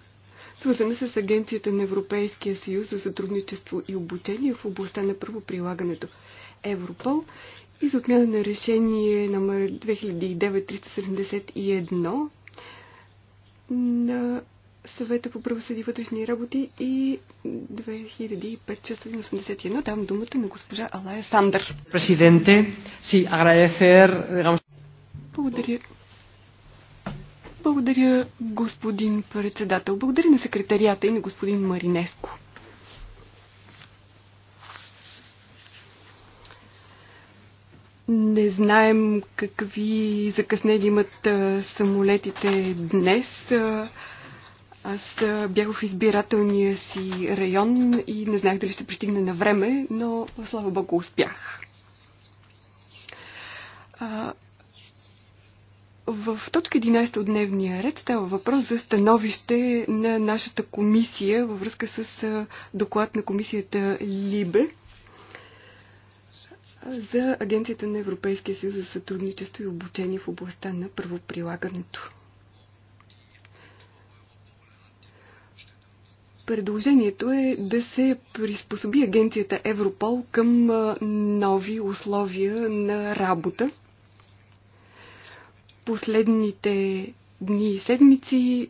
свързана с Агенцията на Европейския съюз за сътрудничество и обучение в областта на правоприлагането Европол и за отмяна на решение номер 2009-371 на съвета по правосъди вътрешни работи и 2581. Дам думата на госпожа Алая Сандър. Президенте, си аградефер, благодаря. Благодаря, господин председател. Благодаря на секретарията и на господин Маринеско. Не знаем какви закъснели имат самолетите днес. Аз бях в избирателния си район и не знаех дали ще пристигне на време, но слава богу успях. В точка 11 от дневния ред става въпрос за становище на нашата комисия във връзка с доклад на комисията Либе за Агенцията на Европейския съюз за сътрудничество и обучение в областта на правоприлагането. Предложението е да се приспособи агенцията Европол към нови условия на работа – последните дни и седмици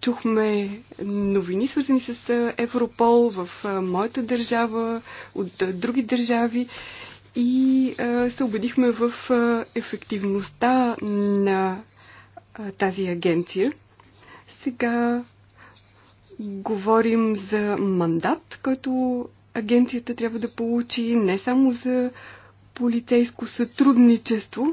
чухме новини, свързани с Европол в моята държава, от други държави и се убедихме в ефективността на тази агенция. Сега говорим за мандат, който агенцията трябва да получи не само за полицейско сътрудничество,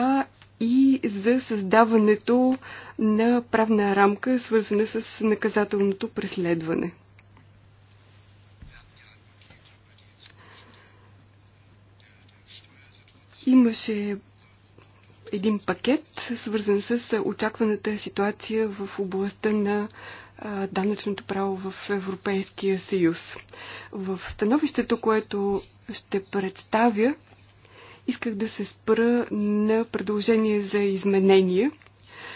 а и за създаването на правна рамка, свързана с наказателното преследване. Имаше един пакет, свързан с очакваната ситуация в областта на данъчното право в Европейския съюз. В становището, което ще представя, Исках да се спра на предложение за изменения,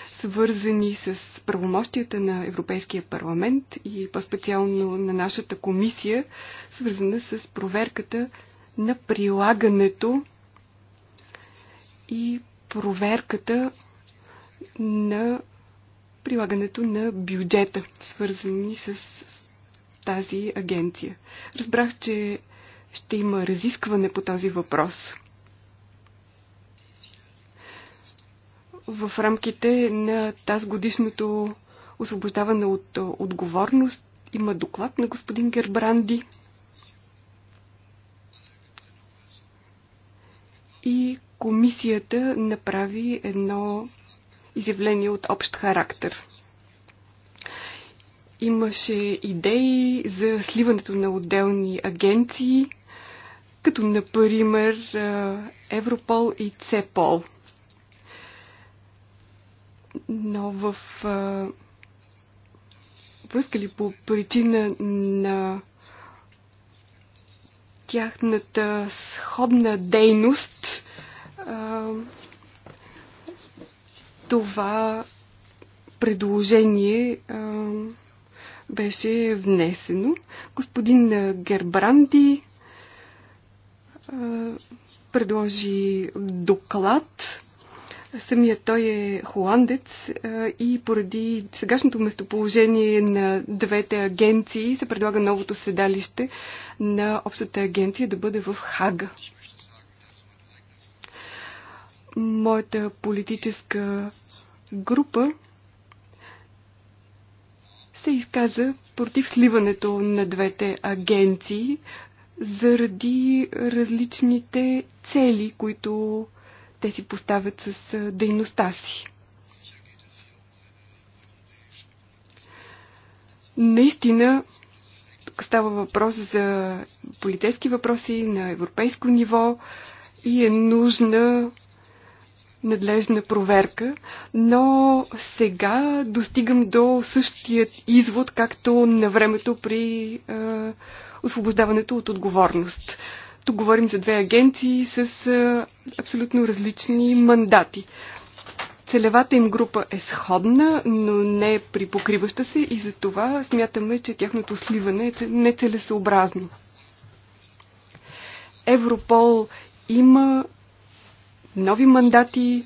свързани с правомощията на Европейския парламент и по-специално на нашата комисия, свързана с проверката на прилагането и проверката на прилагането на бюджета, свързани с тази агенция. Разбрах, че ще има разискване по този въпрос. в рамките на тази годишното освобождаване от отговорност има доклад на господин Гербранди. И комисията направи едно изявление от общ характер. Имаше идеи за сливането на отделни агенции, като например Европол и Цепол – но в а, връзка ли по причина на тяхната сходна дейност, а, това предложение а, беше внесено. Господин Гербранди а, предложи доклад Самият той е холандец и поради сегашното местоположение на двете агенции се предлага новото седалище на общата агенция да бъде в Хага. Моята политическа група се изказа против сливането на двете агенции заради различните цели, които те си поставят с дейността си. Наистина, тук става въпрос за полицейски въпроси на европейско ниво и е нужна надлежна проверка, но сега достигам до същия извод, както на времето при е, освобождаването от отговорност. Тук говорим за две агенции с а, абсолютно различни мандати. Целевата им група е сходна, но не при покриваща се и за това смятаме, че тяхното сливане е нецелесообразно. Европол има нови мандати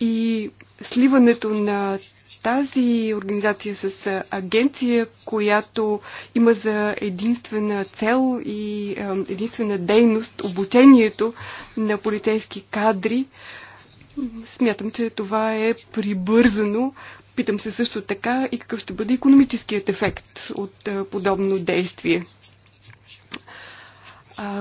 и сливането на тази организация с агенция, която има за единствена цел и единствена дейност обучението на полицейски кадри, смятам, че това е прибързано. Питам се също така и какъв ще бъде економическият ефект от подобно действие.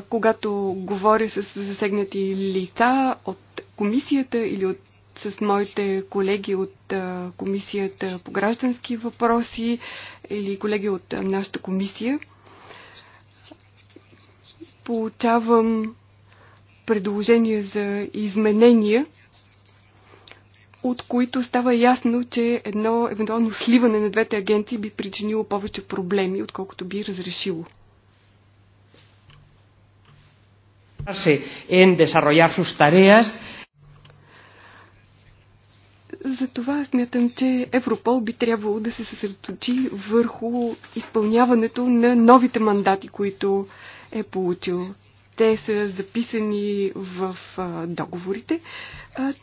когато говоря с засегнати лица от комисията или от с моите колеги от Комисията по граждански въпроси или колеги от нашата комисия. Получавам предложения за изменения, от които става ясно, че едно евентуално сливане на двете агенции би причинило повече проблеми, отколкото би разрешило. en desarrollar sus tareas затова смятам, че Европол би трябвало да се съсредоточи върху изпълняването на новите мандати, които е получил. Те са записани в договорите.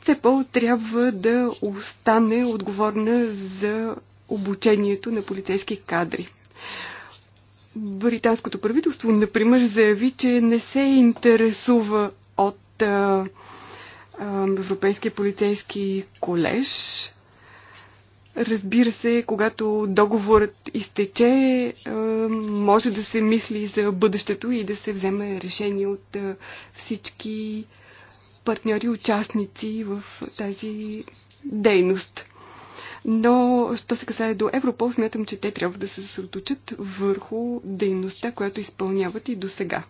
ЦЕПОЛ трябва да остане отговорна за обучението на полицейски кадри. Британското правителство, например, заяви, че не се интересува от Европейския полицейски колеж. Разбира се, когато договорът изтече, може да се мисли за бъдещето и да се вземе решение от всички партньори, участници в тази дейност. Но, що се касае до Европол, смятам, че те трябва да се съсредоточат върху дейността, която изпълняват и до сега.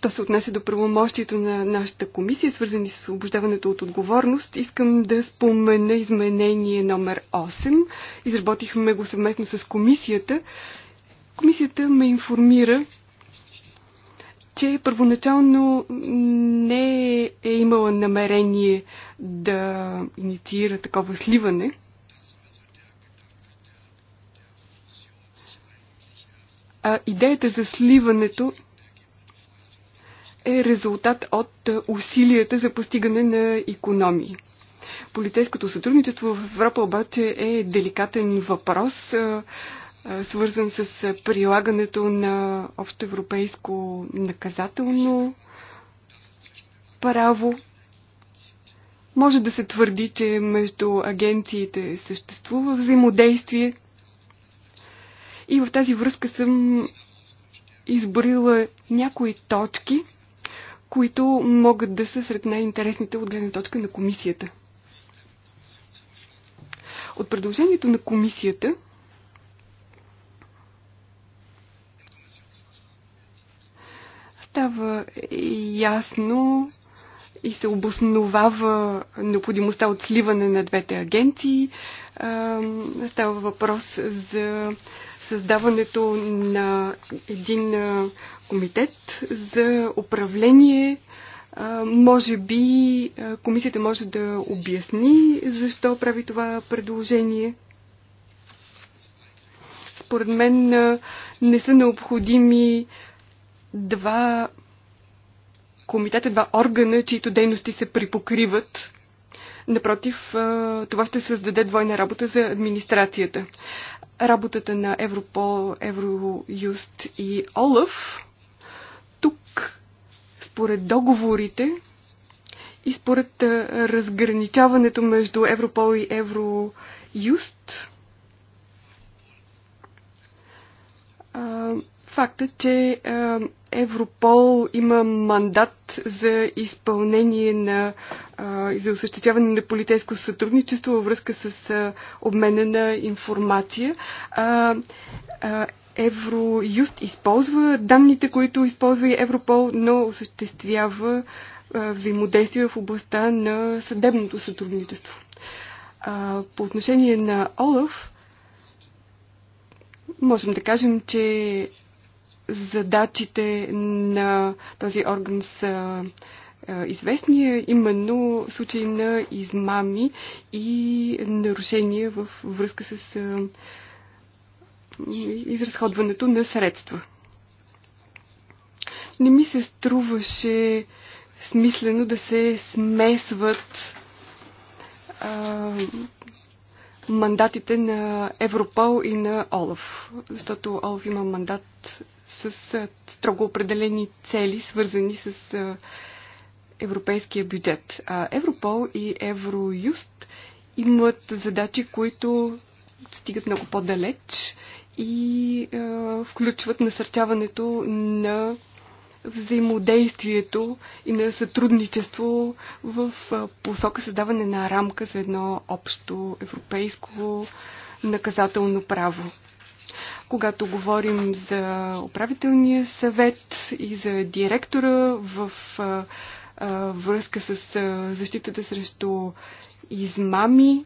Що се отнася до правомощието на нашата комисия, свързани с освобождаването от отговорност, искам да спомена изменение номер 8. Изработихме го съвместно с комисията. Комисията ме информира, че първоначално не е имала намерение да инициира такова сливане. А идеята за сливането е резултат от усилията за постигане на економии. Полицейското сътрудничество в Европа обаче е деликатен въпрос, свързан с прилагането на общоевропейско наказателно право. Може да се твърди, че между агенциите съществува взаимодействие. И в тази връзка съм изборила някои точки – които могат да са сред най-интересните от гледна точка на комисията. От предложението на комисията става ясно, и се обосновава необходимостта от сливане на двете агенции. Става въпрос за създаването на един комитет за управление. Може би комисията може да обясни защо прави това предложение. Според мен не са необходими два комитета, два органа, чието дейности се припокриват. Напротив, това ще създаде двойна работа за администрацията. Работата на Европол, Евроюст и Олаф тук, според договорите и според разграничаването между Европол и Евроюст, факта, че Европол има мандат за изпълнение на и за осъществяване на полицейско сътрудничество във връзка с обмена на информация. Евроюст използва данните, които използва и Европол, но осъществява взаимодействие в областта на съдебното сътрудничество. По отношение на Олаф, можем да кажем, че задачите на този орган са известни, именно случаи на измами и нарушения в връзка с изразходването на средства. Не ми се струваше смислено да се смесват а, мандатите на Европол и на Олаф. Защото Олаф има мандат с строго определени цели, свързани с европейския бюджет. А Европол и Евроюст имат задачи, които стигат много по-далеч и е, включват насърчаването на взаимодействието и на сътрудничество в посока създаване на рамка за едно общо европейско наказателно право. Когато говорим за управителния съвет и за директора в връзка с защитата срещу измами,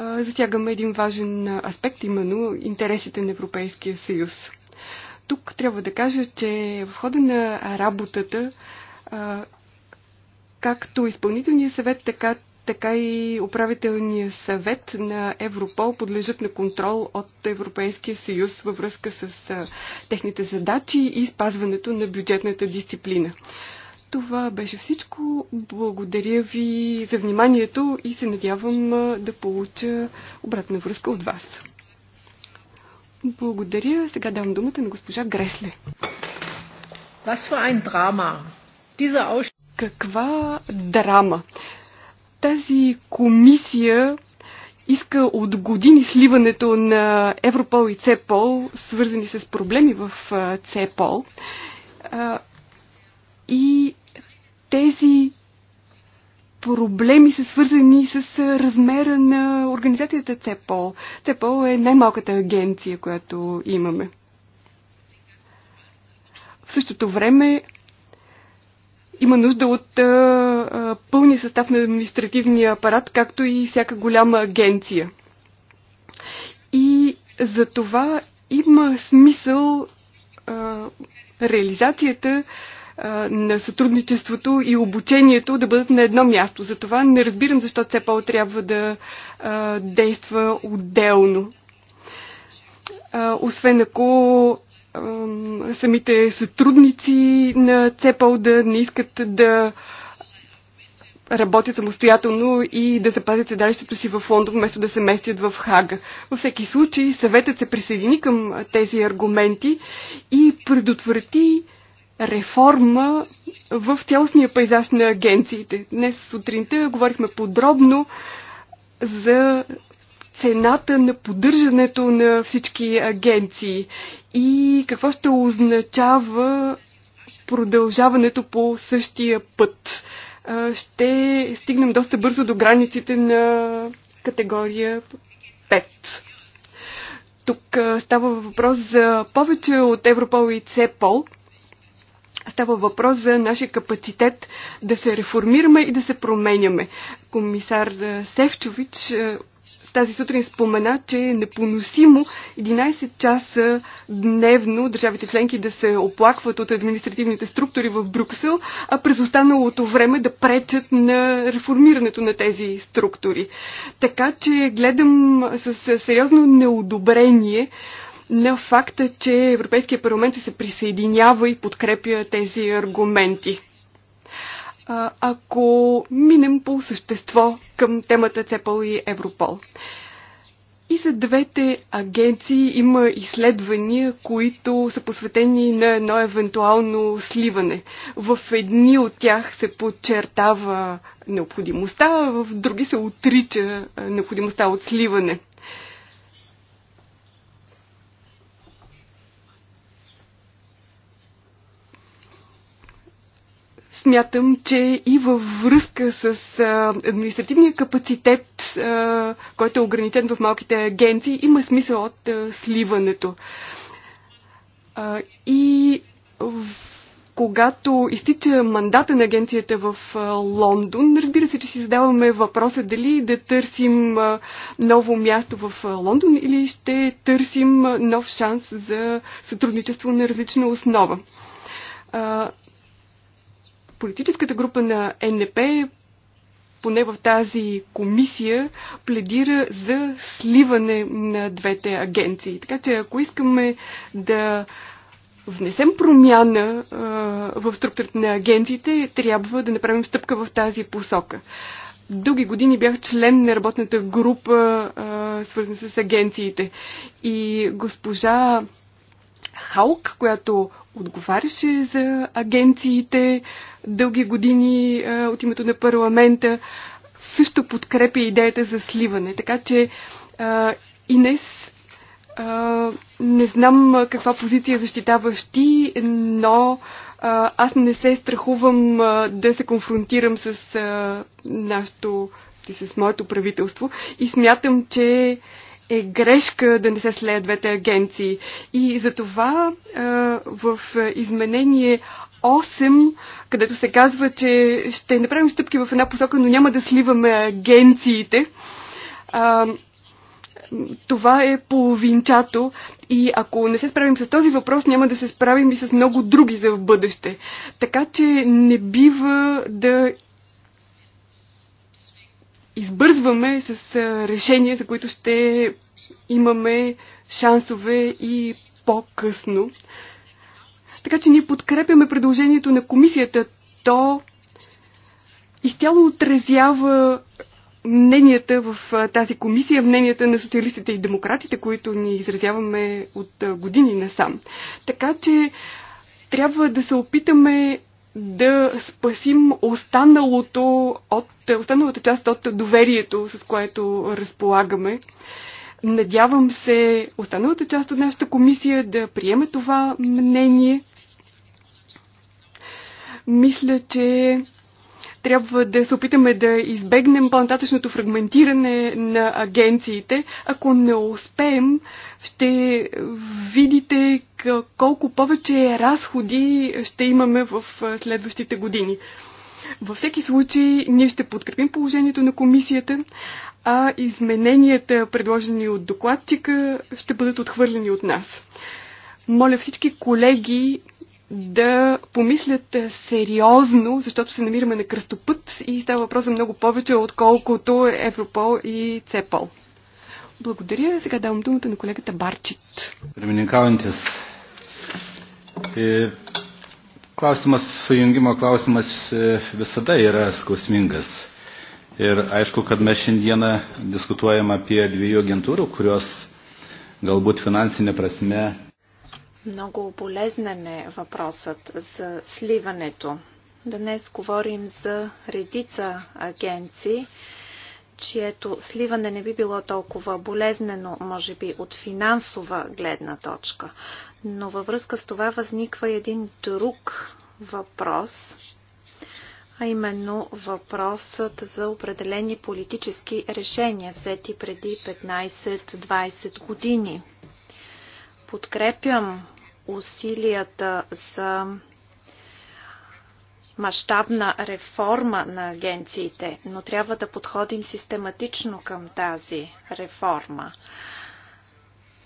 затягаме един важен аспект, именно интересите на Европейския съюз. Тук трябва да кажа, че в хода на работата, както изпълнителният съвет, така, така и управителният съвет на Европол подлежат на контрол от Европейския съюз във връзка с техните задачи и спазването на бюджетната дисциплина. Това беше всичко. Благодаря ви за вниманието и се надявам да получа обратна връзка от вас. Благодаря. Сега давам думата на госпожа Гресле. Каква драма? Тази комисия иска от години сливането на Европол и Цепол, свързани с проблеми в Цепол. И тези проблеми са свързани с размера на организацията ЦЕПОЛ. ЦЕПОЛ е най-малката агенция, която имаме. В същото време има нужда от а, а, пълния състав на административния апарат, както и всяка голяма агенция. И за това има смисъл а, реализацията на сътрудничеството и обучението да бъдат на едно място. Затова не разбирам защо ЦЕПОЛ трябва да а, действа отделно. А, освен ако а, самите сътрудници на ЦЕПОЛ да не искат да работят самостоятелно и да запазят седалището си в Лондон, вместо да се местят в Хага. Във всеки случай, съветът се присъедини към тези аргументи и предотврати реформа в цялостния пейзаж на агенциите. Днес сутринта говорихме подробно за цената на поддържането на всички агенции и какво ще означава продължаването по същия път. Ще стигнем доста бързо до границите на категория 5. Тук става въпрос за повече от Европол и Цепол – Става въпрос за нашия капацитет да се реформираме и да се променяме. Комисар е, Севчович е, тази сутрин спомена, че е непоносимо 11 часа дневно държавите членки да се оплакват от административните структури в Брюксел, а през останалото време да пречат на реформирането на тези структури. Така че гледам с сериозно неодобрение на факта, че Европейския парламент се присъединява и подкрепя тези аргументи. Ако минем по същество към темата ЦЕПАЛ и Европол. И за двете агенции има изследвания, които са посветени на едно евентуално сливане. В едни от тях се подчертава необходимостта, в други се отрича необходимостта от сливане. смятам, че и във връзка с административния капацитет, който е ограничен в малките агенции, има смисъл от сливането. И когато изтича мандата на агенцията в Лондон, разбира се, че си задаваме въпроса дали да търсим ново място в Лондон или ще търсим нов шанс за сътрудничество на различна основа политическата група на НДП, поне в тази комисия, пледира за сливане на двете агенции. Така че ако искаме да внесем промяна а, в структурата на агенциите, трябва да направим стъпка в тази посока. Дълги години бях член на работната група, а, свързана с агенциите. И госпожа Халк, която отговаряше за агенциите дълги години а, от името на парламента, също подкрепя идеята за сливане. Така че а, Инес а, не знам каква позиция защитаваш ти, но а, аз не се страхувам а, да се конфронтирам с а, нашото, с моето правителство и смятам, че е грешка да не се слеят двете агенции. И затова в изменение 8, където се казва, че ще направим стъпки в една посока, но няма да сливаме агенциите. това е половинчато и ако не се справим с този въпрос, няма да се справим и с много други за в бъдеще. Така че не бива да избързваме с решения, за които ще имаме шансове и по-късно. Така че ние подкрепяме предложението на комисията. То изцяло отразява мненията в тази комисия, мненията на социалистите и демократите, които ни изразяваме от години насам. Така че трябва да се опитаме да спасим останалото от, останалата част от доверието, с което разполагаме. Надявам се останалата част от нашата комисия да приеме това мнение. Мисля, че трябва да се опитаме да избегнем по-нататъчното фрагментиране на агенциите. Ако не успеем, ще видите колко повече разходи ще имаме в следващите години. Във всеки случай, ние ще подкрепим положението на комисията, а измененията, предложени от докладчика, ще бъдат отхвърлени от нас. Моля всички колеги да помислят сериозно, защото се намираме на кръстопът и става въпрос за много повече, отколкото Европол и Цепол. Благодаря. Сега давам думата на колегата Барчит. Преминикавантис. Е, klausimas, sujungimo klausimas е, visada yra skausmingas. Ir aišku, kad mes šiandieną diskutuojam apie dviejų agentūrų, kurios galbūt finansinė prasme много болезнен е въпросът за сливането. Днес говорим за редица агенции, чието сливане не би било толкова болезнено, може би, от финансова гледна точка. Но във връзка с това възниква един друг въпрос, а именно въпросът за определени политически решения, взети преди 15-20 години. Подкрепям усилията за мащабна реформа на агенциите, но трябва да подходим систематично към тази реформа.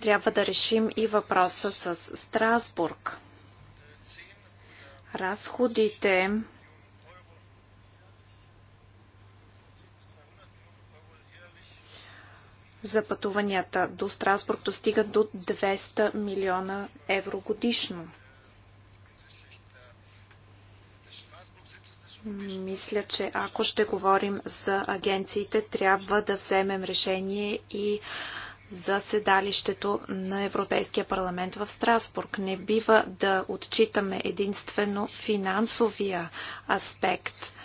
Трябва да решим и въпроса с Страсбург. Разходите за пътуванията до Страсбург достигат до 200 милиона евро годишно. Мисля, че ако ще говорим за агенциите, трябва да вземем решение и за седалището на Европейския парламент в Страсбург. Не бива да отчитаме единствено финансовия аспект –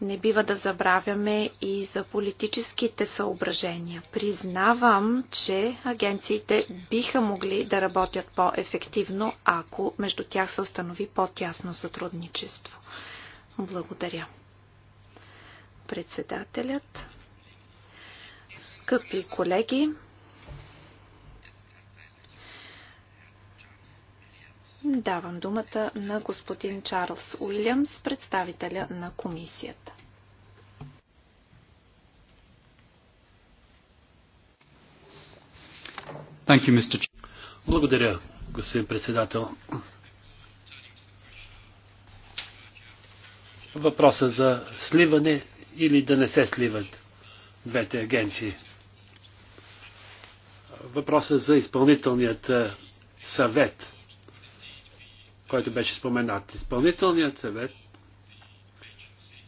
не бива да забравяме и за политическите съображения. Признавам, че агенциите биха могли да работят по-ефективно, ако между тях се установи по-тясно сътрудничество. Благодаря. Председателят. Скъпи колеги, Давам думата на господин Чарлз Уилямс, представителя на комисията. You, Благодаря, господин председател. Въпроса за сливане или да не се сливат двете агенции. Въпроса за изпълнителният съвет – който беше споменат. Изпълнителният съвет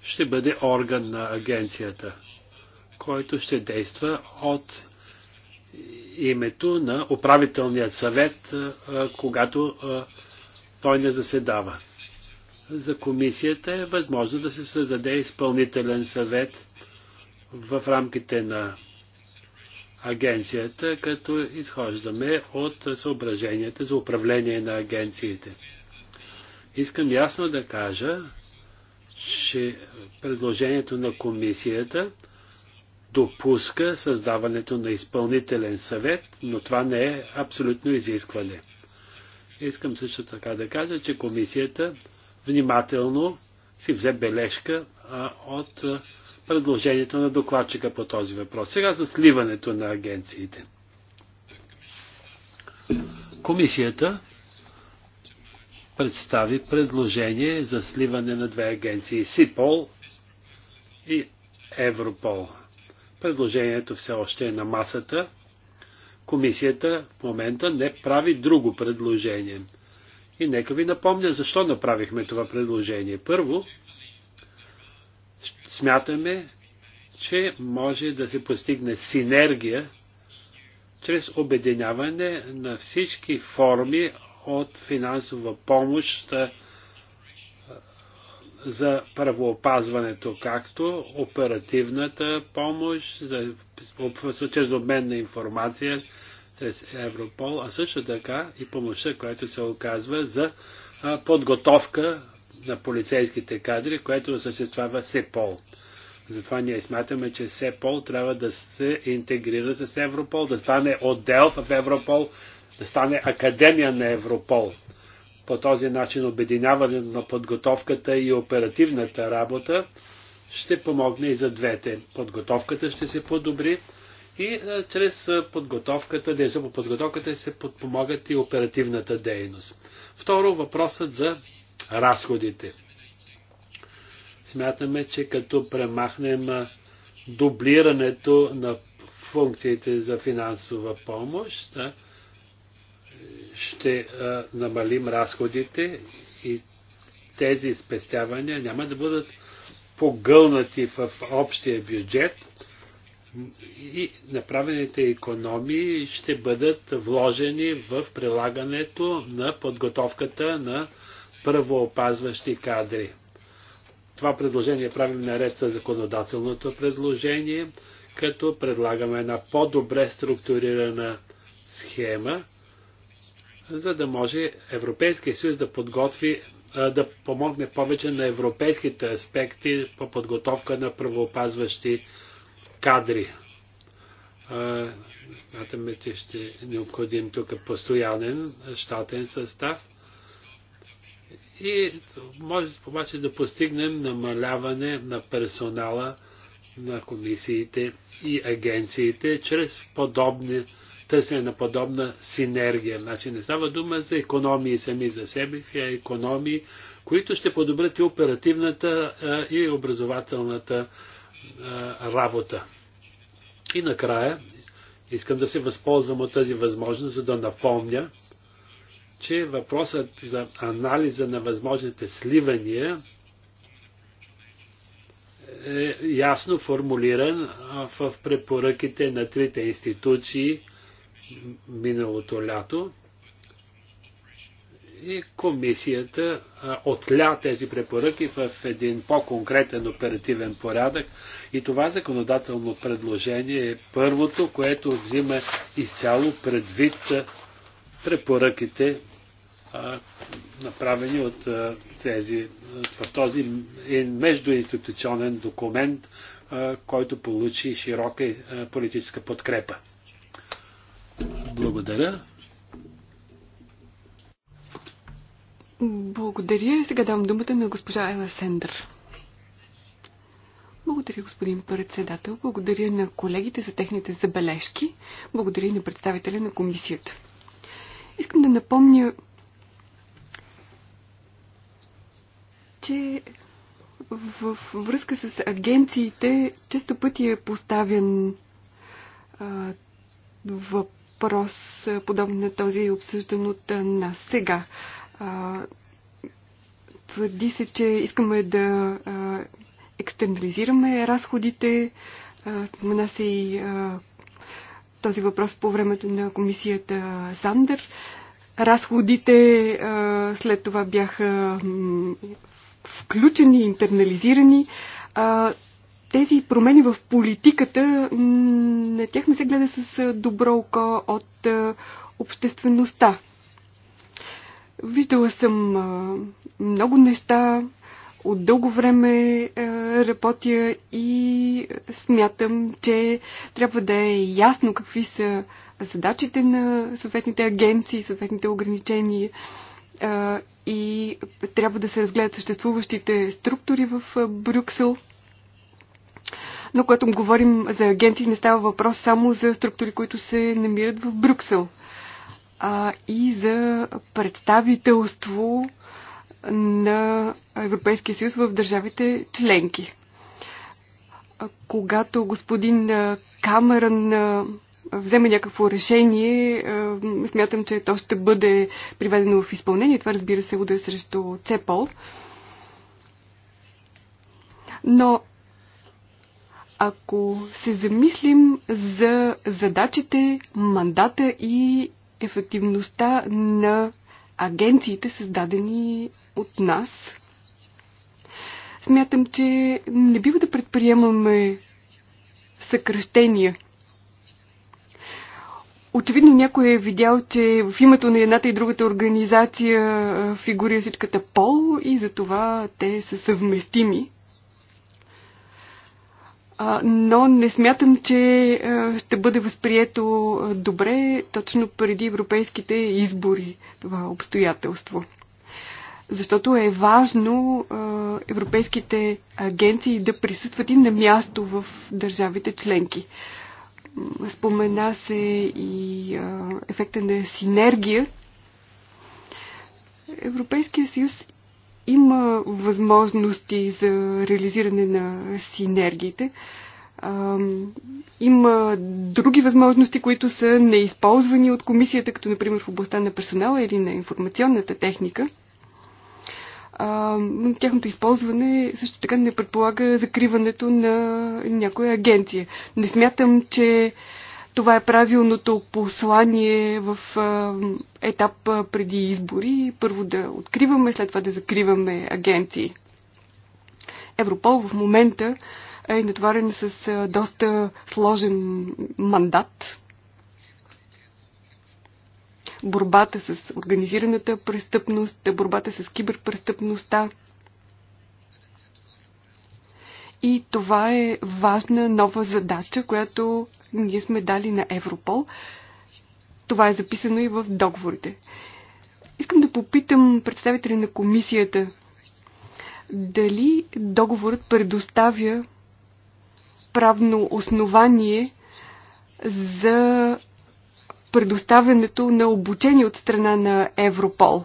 ще бъде орган на агенцията, който ще действа от името на управителният съвет, когато той не заседава. За комисията е възможно да се създаде изпълнителен съвет в рамките на агенцията, като изхождаме от съображенията за управление на агенциите. Искам ясно да кажа, че предложението на комисията допуска създаването на изпълнителен съвет, но това не е абсолютно изискване. Искам също така да кажа, че комисията внимателно си взе бележка от предложението на докладчика по този въпрос. Сега за сливането на агенциите. Комисията представи предложение за сливане на две агенции СИПОЛ и Европол. Предложението все още е на масата. Комисията в момента не прави друго предложение. И нека ви напомня защо направихме това предложение. Първо, смятаме, че може да се постигне синергия чрез обединяване на всички форми от финансова помощ за правоопазването, както оперативната помощ за обмен на информация чрез Европол, а също така и помощта, която се оказва за подготовка на полицейските кадри, което осъществява СЕПОЛ. Затова ние смятаме, че СЕПОЛ трябва да се интегрира с Европол, да стане отдел в Европол, да стане Академия на Европол. По този начин обединяване на подготовката и оперативната работа ще помогне и за двете. Подготовката ще се подобри и а, е, чрез е, подготовката, дейността по подготовката се подпомагат и оперативната дейност. Второ, въпросът за разходите. Смятаме, че като премахнем е, дублирането на функциите за финансова помощ, да, ще намалим разходите и тези спестявания няма да бъдат погълнати в общия бюджет и направените економии ще бъдат вложени в прилагането на подготовката на първоопазващи кадри. Това предложение правим наред с законодателното предложение, като предлагаме една по-добре структурирана схема, за да може Европейския съюз да подготви, да помогне повече на европейските аспекти по подготовка на правоопазващи кадри. Смятаме, че ще е необходим тук постоянен щатен състав. И може обаче да постигнем намаляване на персонала на комисиите и агенциите чрез подобни търсене на подобна синергия. Значи не става дума за економии сами за себе си, а економии, които ще подобрят и оперативната и образователната работа. И накрая искам да се възползвам от тази възможност, за да напомня, че въпросът за анализа на възможните сливания е ясно формулиран в препоръките на трите институции миналото лято и комисията отля тези препоръки в един по-конкретен оперативен порядък и това законодателно предложение е първото, което взима изцяло предвид препоръките направени от тези, в този междуинституционен документ, който получи широка политическа подкрепа. Благодаря. Благодаря. Сега давам думата на госпожа Ела Сендър. Благодаря, господин председател. Благодаря на колегите за техните забележки. Благодаря и на представителя на комисията. Искам да напомня, че в връзка с агенциите често пъти е поставен а, въпрос въпрос, подобен на този обсъждан от нас сега. Твърди се, че искаме да екстернализираме разходите. Спомена се и този въпрос по времето на комисията Сандър. Разходите след това бяха включени, интернализирани тези промени в политиката, на тях не се гледа с добро око от обществеността. Виждала съм много неща, от дълго време работя и смятам, че трябва да е ясно какви са задачите на съответните агенции, съответните ограничения и трябва да се разгледат съществуващите структури в Брюксел – но когато говорим за агенции, не става въпрос само за структури, които се намират в Брюксел, а и за представителство на Европейския съюз в държавите членки. Когато господин Камерън вземе някакво решение, смятам, че то ще бъде приведено в изпълнение. Това разбира се удар срещу ЦЕПОЛ. Но ако се замислим за задачите, мандата и ефективността на агенциите, създадени от нас, смятам, че не бива да предприемаме съкръщения. Очевидно някой е видял, че в името на едната и другата организация фигурира всичката пол и затова те са съвместими но не смятам, че ще бъде възприето добре точно преди европейските избори това обстоятелство. Защото е важно европейските агенции да присъстват и на място в държавите членки. Спомена се и ефекта на синергия. Европейския съюз има възможности за реализиране на синергиите. Има други възможности, които са неизползвани от комисията, като например в областта на персонала или на информационната техника. Тяхното използване също така не предполага закриването на някоя агенция. Не смятам, че това е правилното послание в етап преди избори. Първо да откриваме, след това да закриваме агенции. Европол в момента е натоварен с доста сложен мандат. Борбата с организираната престъпност, борбата с киберпрестъпността. И това е важна нова задача, която ние сме дали на Европол. Това е записано и в договорите. Искам да попитам представители на комисията дали договорът предоставя правно основание за предоставянето на обучение от страна на Европол.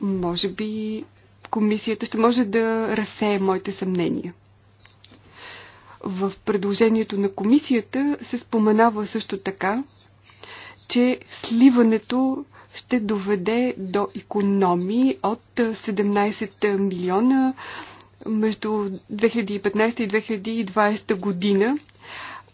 Може би комисията ще може да разсее моите съмнения. В предложението на комисията се споменава също така, че сливането ще доведе до економии от 17 милиона между 2015 и 2020 година.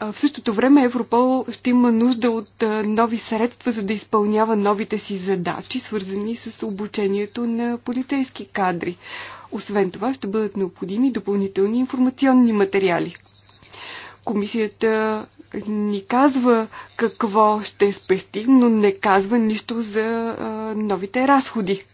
В същото време Европол ще има нужда от нови средства, за да изпълнява новите си задачи, свързани с обучението на полицейски кадри. Освен това ще бъдат необходими допълнителни информационни материали. Комисията ни казва какво ще спести, но не казва нищо за новите разходи.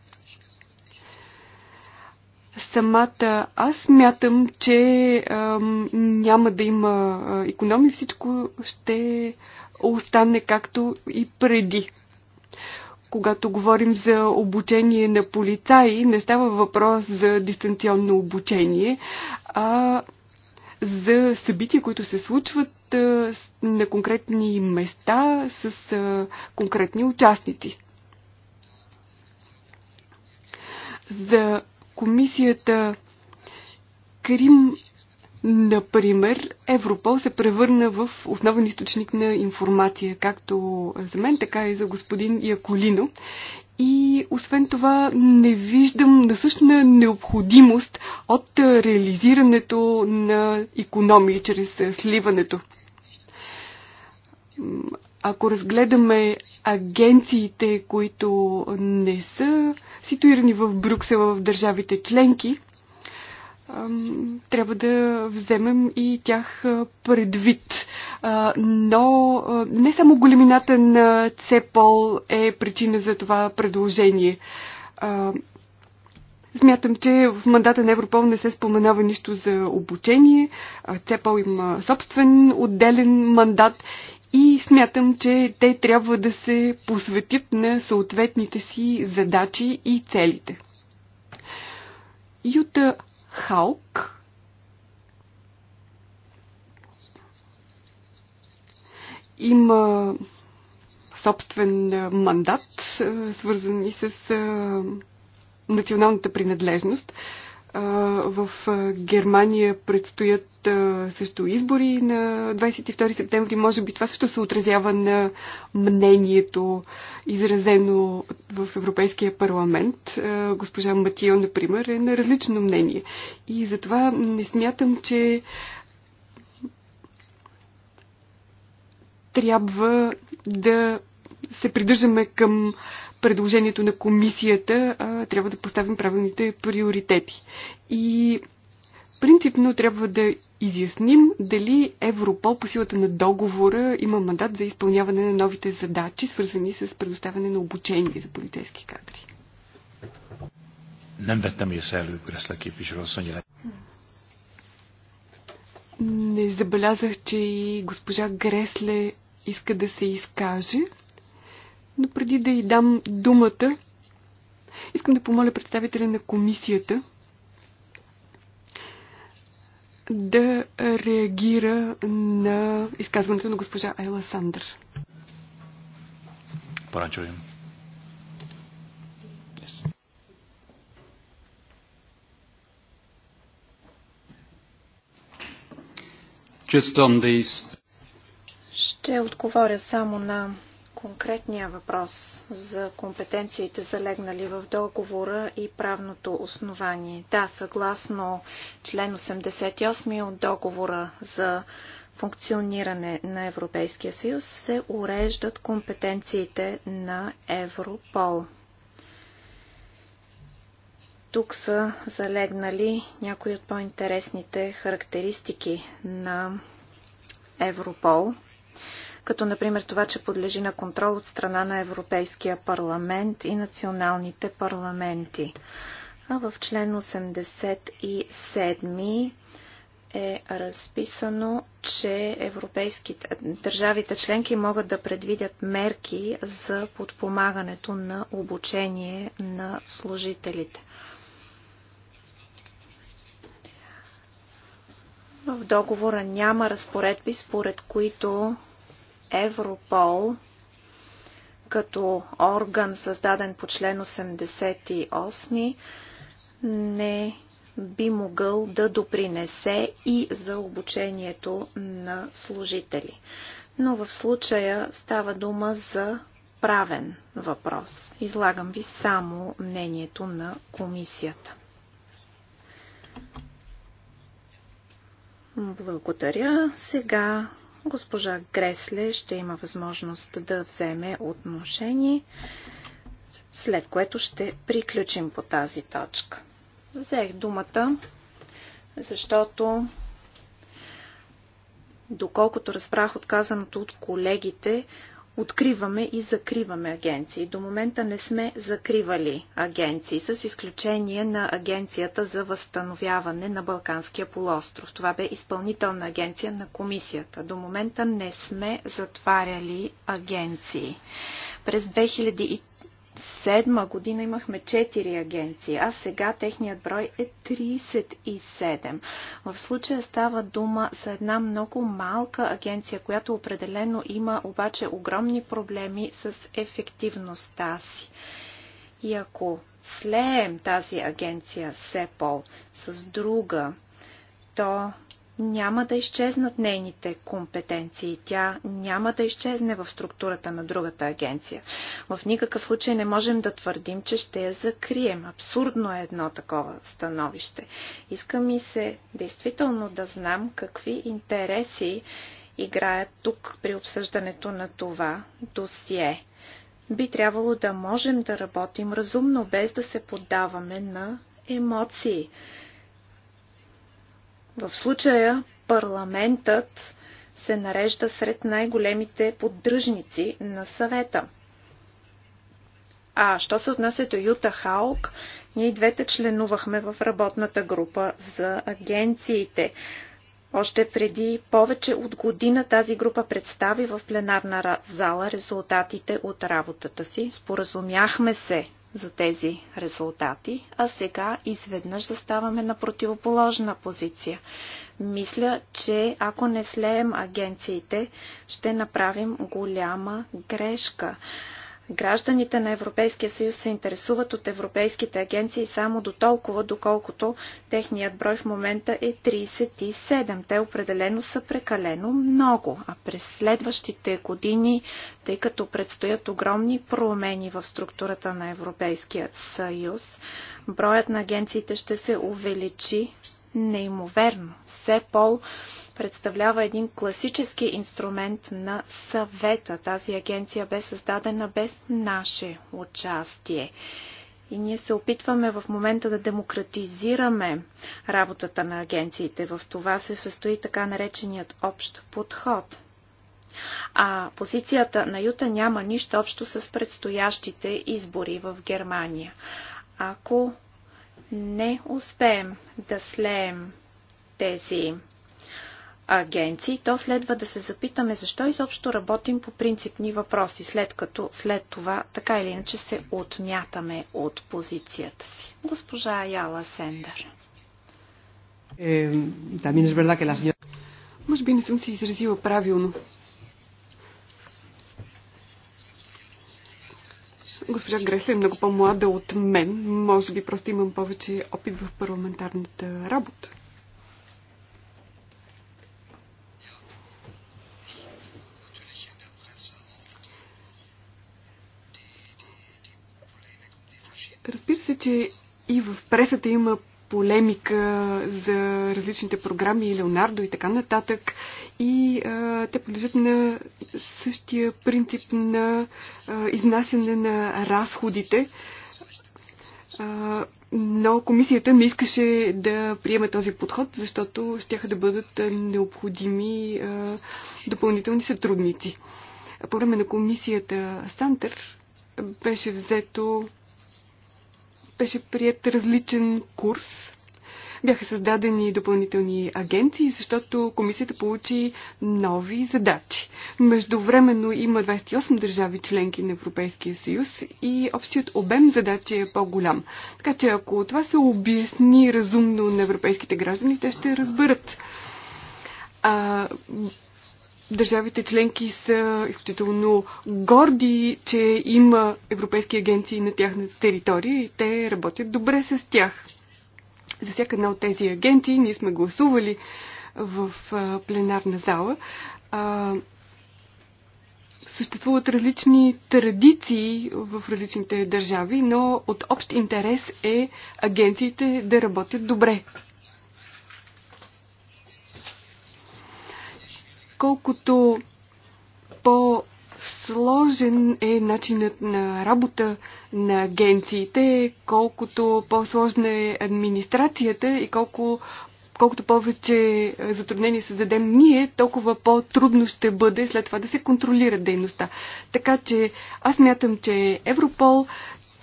Самата аз мятам, че а, няма да има економи, всичко ще остане както и преди когато говорим за обучение на полицаи, не става въпрос за дистанционно обучение, а за събития, които се случват на конкретни места с конкретни участници. За комисията Крим, например, Европол се превърна в основен източник на информация, както за мен, така и за господин Яколино. И освен това не виждам насъщна необходимост от реализирането на економии чрез сливането. Ако разгледаме агенциите, които не са ситуирани в Брюксел в държавите членки, трябва да вземем и тях предвид. Но не само големината на ЦЕПОЛ е причина за това предложение. Смятам, че в мандата на Европол не се споменава нищо за обучение. ЦЕПОЛ има собствен отделен мандат и смятам, че те трябва да се посветят на съответните си задачи и целите. Юта Халк. Има собствен мандат, свързан и с националната принадлежност. В Германия предстоят също избори на 22 септември. Може би това също се отразява на мнението, изразено в Европейския парламент. Госпожа Матио, например, е на различно мнение. И затова не смятам, че трябва да се придържаме към предложението на комисията, а, трябва да поставим правилните приоритети. И принципно трябва да изясним дали Европол по силата на договора има мандат за изпълняване на новите задачи, свързани с предоставяне на обучение за полицейски кадри. Nem vettem Не забелязах, че и госпожа Гресле иска да се изкаже. Но преди да й дам думата, искам да помоля представителя на комисията да реагира на изказването на госпожа Айла Сандър. Поначуем. Ще отговоря само на конкретния въпрос за компетенциите залегнали в договора и правното основание. Да, съгласно член 88 от договора за функциониране на Европейския съюз се уреждат компетенциите на Европол. Тук са залегнали някои от по-интересните характеристики на Европол – като например това, че подлежи на контрол от страна на Европейския парламент и националните парламенти. А в член 87 е разписано, че европейските държавите членки могат да предвидят мерки за подпомагането на обучение на служителите. В договора няма разпоредби, според които Европол като орган, създаден по член 88, не би могъл да допринесе и за обучението на служители. Но в случая става дума за правен въпрос. Излагам ви само мнението на комисията. Благодаря. Сега Госпожа Гресле ще има възможност да вземе отношение, след което ще приключим по тази точка. Взех думата, защото доколкото разбрах отказаното от колегите, откриваме и закриваме агенции. До момента не сме закривали агенции, с изключение на Агенцията за възстановяване на Балканския полуостров. Това бе изпълнителна агенция на комисията. До момента не сме затваряли агенции. През 2003 Седма година имахме 4 агенции, а сега техният брой е 37. В случая става дума за една много малка агенция, която определено има обаче огромни проблеми с ефективността си. И ако слеем тази агенция СЕПОЛ с друга, то няма да изчезнат нейните компетенции. Тя няма да изчезне в структурата на другата агенция. В никакъв случай не можем да твърдим, че ще я закрием. Абсурдно е едно такова становище. Иска ми се действително да знам какви интереси играят тук при обсъждането на това досие. Би трябвало да можем да работим разумно, без да се поддаваме на емоции. В случая парламентът се нарежда сред най-големите поддръжници на съвета. А що се отнася до Юта Хаук, ние двете членувахме в работната група за агенциите. Още преди повече от година тази група представи в пленарна зала резултатите от работата си. Споразумяхме се за тези резултати, а сега изведнъж заставаме на противоположна позиция. Мисля, че ако не слеем агенциите, ще направим голяма грешка. Гражданите на Европейския съюз се интересуват от европейските агенции само до толкова, доколкото техният брой в момента е 37. Те определено са прекалено много, а през следващите години, тъй като предстоят огромни промени в структурата на Европейския съюз, броят на агенциите ще се увеличи неимоверно. СЕПОЛ представлява един класически инструмент на съвета. Тази агенция бе създадена без наше участие. И ние се опитваме в момента да демократизираме работата на агенциите. В това се състои така нареченият общ подход. А позицията на Юта няма нищо общо с предстоящите избори в Германия. Ако не успеем да слеем тези агенции, то следва да се запитаме защо изобщо работим по принципни въпроси, след като след това така или иначе се отмятаме от позицията си. Госпожа Яла Сендър. Е, е, е Може би не съм се изразила правилно. Госпожа Гресле е много по-млада от мен. Може би просто имам повече опит в парламентарната работа. Разбира се, че и в пресата има полемика за различните програми, Леонардо и така нататък. И а, те подлежат на същия принцип на а, изнасяне на разходите. А, но комисията не искаше да приеме този подход, защото ще да бъдат необходими а, допълнителни сътрудници. По време на комисията Сантър беше взето беше прият различен курс. Бяха създадени допълнителни агенции, защото комисията получи нови задачи. Междувременно има 28 държави членки на Европейския съюз и общият обем задачи е по-голям. Така че ако това се обясни разумно на европейските граждани, те ще разберат. А, Държавите членки са изключително горди, че има европейски агенции на тяхна територия и те работят добре с тях. За всяка една от тези агенции ние сме гласували в пленарна зала. Съществуват различни традиции в различните държави, но от общ интерес е агенциите да работят добре колкото по-сложен е начинът на работа на агенциите, колкото по-сложна е администрацията и колко, колкото повече затруднения се зададем ние, толкова по-трудно ще бъде след това да се контролира дейността. Така че аз мятам, че Европол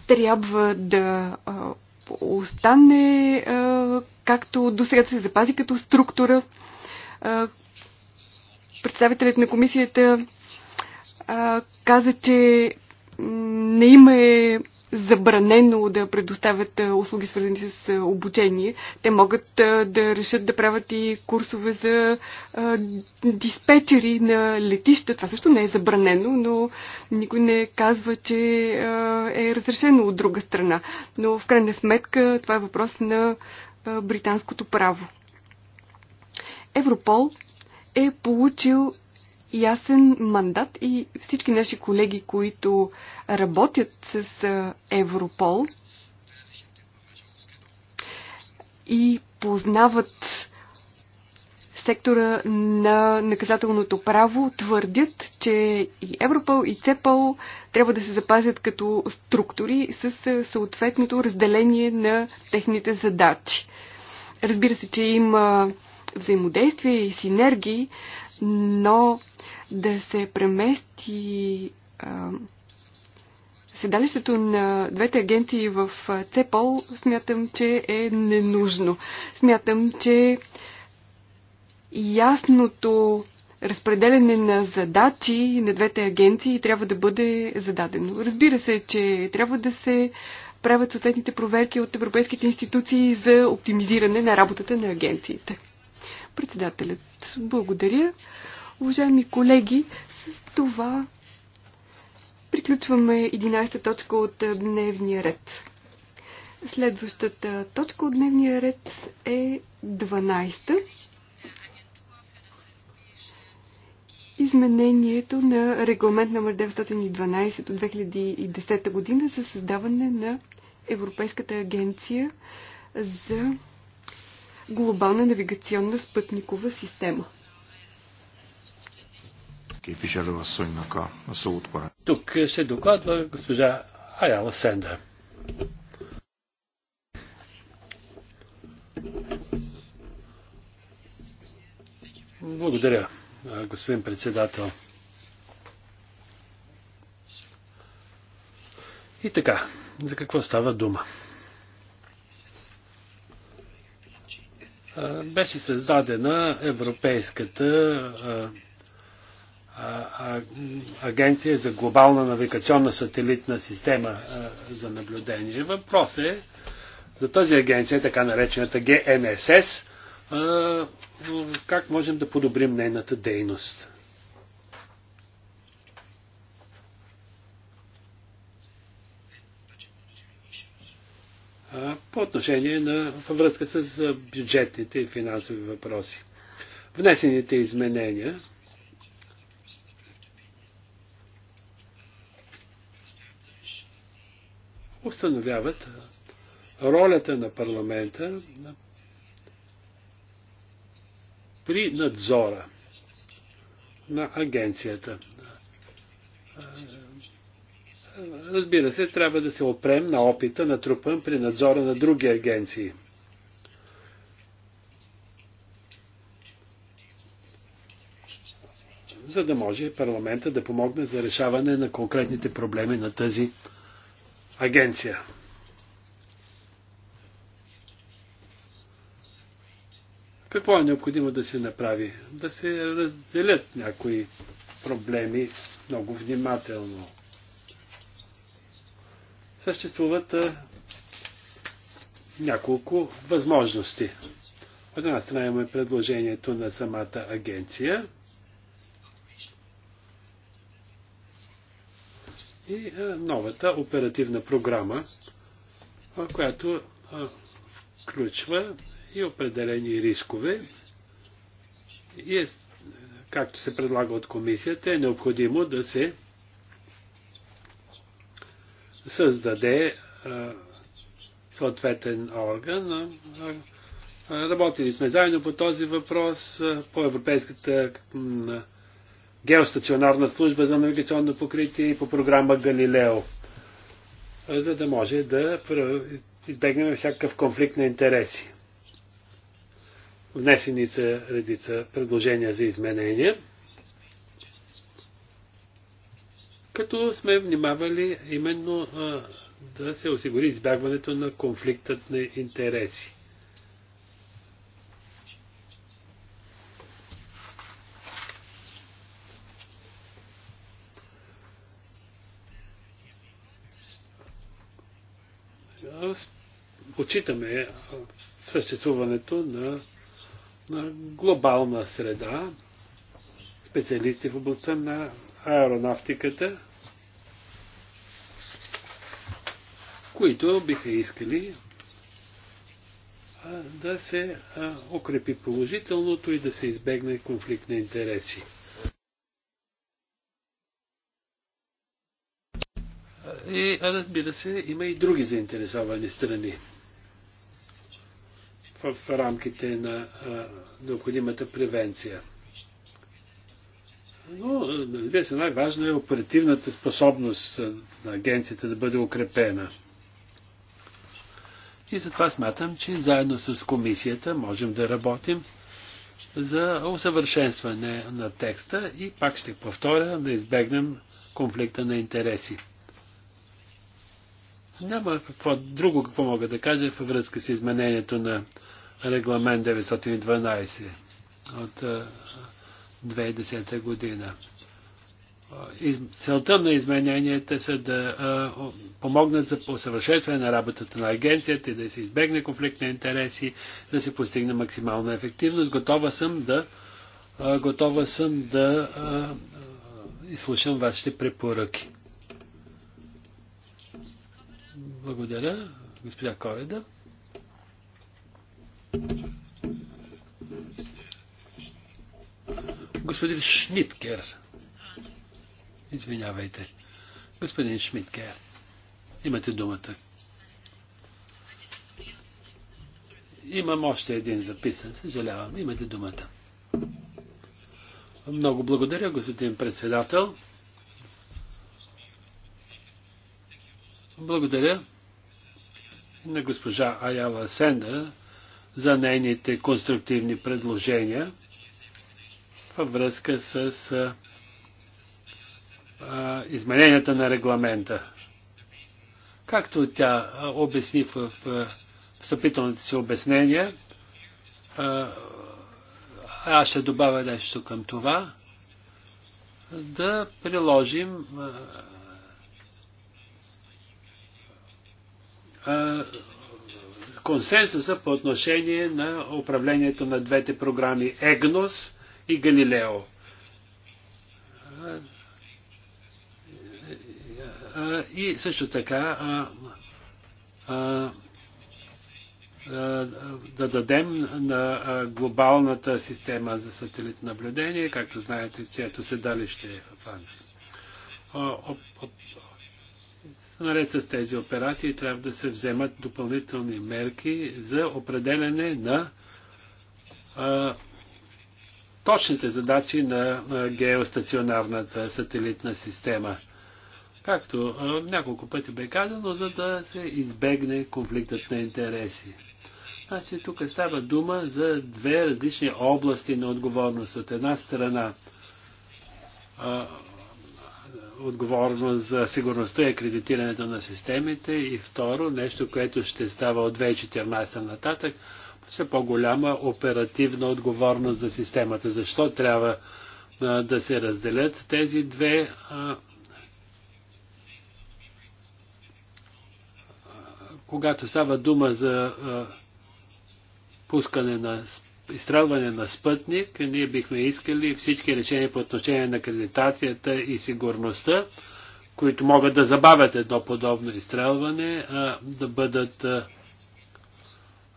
трябва да остане както до сега да се запази като структура, представителят на комисията а, каза, че не има е забранено да предоставят услуги свързани с обучение. Те могат да решат да правят и курсове за диспетчери на летища. Това също не е забранено, но никой не казва, че е разрешено от друга страна. Но в крайна сметка това е въпрос на британското право. Европол е получил ясен мандат и всички наши колеги, които работят с Европол и познават сектора на наказателното право, твърдят, че и Европол, и ЦЕПОЛ трябва да се запазят като структури с съответното разделение на техните задачи. Разбира се, че има взаимодействия и синергии, но да се премести а, седалището на двете агенции в ЦЕПОЛ, смятам, че е ненужно. Смятам, че ясното разпределене на задачи на двете агенции трябва да бъде зададено. Разбира се, че трябва да се правят съответните проверки от европейските институции за оптимизиране на работата на агенциите. Председателят, благодаря. Уважаеми колеги, с това приключваме 11-та точка от дневния ред. Следващата точка от дневния ред е 12-та. изменението на регламент номер 912 от 2010 година за създаване на Европейската агенция за глобална навигационна спътникова система. Тук ще докладва госпожа Аяла Сенда. Благодаря, господин председател. И така, за какво става дума? беше създадена Европейската агенция за глобална навигационна сателитна система за наблюдение. Въпрос е за тази агенция, така наречената ГНСС, как можем да подобрим нейната дейност. по отношение на във връзка с бюджетните и финансови въпроси. Внесените изменения установяват ролята на парламента при надзора на агенцията разбира се, трябва да се опрем на опита на трупа при надзора на други агенции. за да може парламента да помогне за решаване на конкретните проблеми на тази агенция. Какво е необходимо да се направи? Да се разделят някои проблеми много внимателно съществуват няколко възможности. От една страна имаме предложението на самата агенция. И новата оперативна програма, която включва и определени рискове. И е, както се предлага от комисията, е необходимо да се създаде съответен орган. Работили сме заедно по този въпрос по Европейската геостационарна служба за навигационно покритие и по програма Галилео, за да може да избегнем всякакъв конфликт на интереси. Внесени са редица предложения за изменения. като сме внимавали именно а, да се осигури избягването на конфликтът на интереси. Отчитаме съществуването на, на глобална среда, специалисти в областта на аеронавтиката, които биха искали да се укрепи положителното и да се избегне конфликт на интереси. И разбира се, има и други заинтересовани страни в рамките на необходимата превенция. Но, разбира се, най-важно е оперативната способност на агенцията да бъде укрепена. И затова смятам, че заедно с комисията можем да работим за усъвършенстване на текста и пак ще повторя да избегнем конфликта на интереси. Няма какво друго какво мога да кажа във връзка с изменението на регламент 912 от 2010 година. Целта на измененията са да помогнат за усъвършенстване на работата на агенцията и да се избегне конфликт на интереси, да се постигне максимална ефективност. Готова съм да, готова съм да изслушам вашите препоръки. Благодаря, госпожа Кореда. Господин Шмиткер. Извинявайте. Господин Шмиткер. Имате думата. Имам още един записан, съжалявам. Имате думата. Много благодаря, господин председател. Благодаря на госпожа Аяла Сендър за нейните конструктивни предложения във връзка с а, измененията на регламента. Както тя обясни в съпителните си обяснения, а, аз ще добавя нещо към това, да приложим а, а, консенсуса по отношение на управлението на двете програми ЕГНОС и Галилео. И също така да дадем на глобалната система за сателитно наблюдение, както знаете, чието седалище е в Франция. Наред с тези операции трябва да се вземат допълнителни мерки за определене на точните задачи на геостационарната сателитна система. Както няколко пъти бе казано, за да се избегне конфликтът на интереси. Значи тук става дума за две различни области на отговорност. От една страна отговорност за сигурността и акредитирането на системите и второ нещо, което ще става от 2014 нататък, все по-голяма оперативна отговорност за системата. Защо трябва а, да се разделят тези две а, когато става дума за а, пускане на изстрелване на спътник, ние бихме искали всички решения по отношение на кредитацията и сигурността, които могат да забавят едно подобно изстрелване, а, да бъдат а,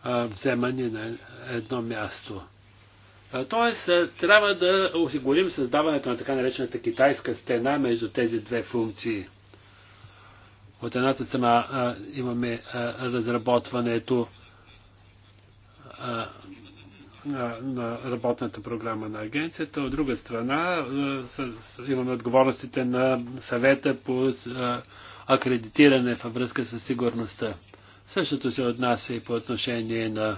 Вземане на едно място. Тоест, трябва да осигурим създаването на така наречената китайска стена между тези две функции. От едната страна имаме разработването на работната програма на агенцията, от друга страна имаме отговорностите на съвета по акредитиране във връзка с сигурността. Същото се отнася и по отношение на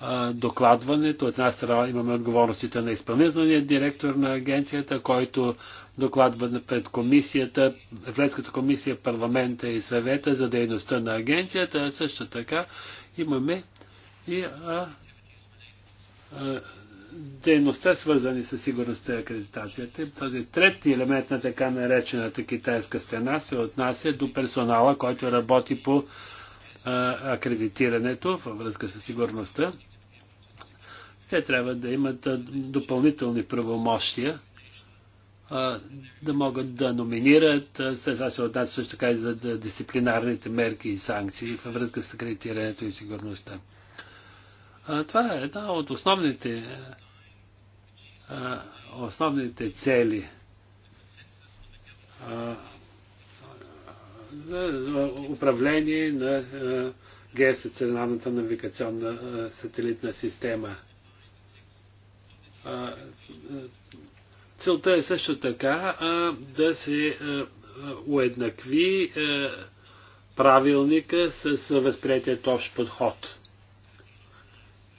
а, докладването. От една страна имаме отговорностите на изпълнителния директор на агенцията, който докладва пред комисията, Европейската комисия, парламента и съвета за дейността на агенцията. също така имаме и а, а, дейността, свързани с сигурността и акредитацията. Този трети елемент на така наречената китайска стена се отнася до персонала, който работи по акредитирането във връзка с сигурността. Те трябва да имат допълнителни правомощия, да могат да номинират. Това се отнася също така и за дисциплинарните мерки и санкции във връзка с акредитирането и сигурността. Това е една от основните, основните цели за управление на геостационарната навигационна сателитна система. Целта е също така да се уеднакви правилника с възприятият общ подход.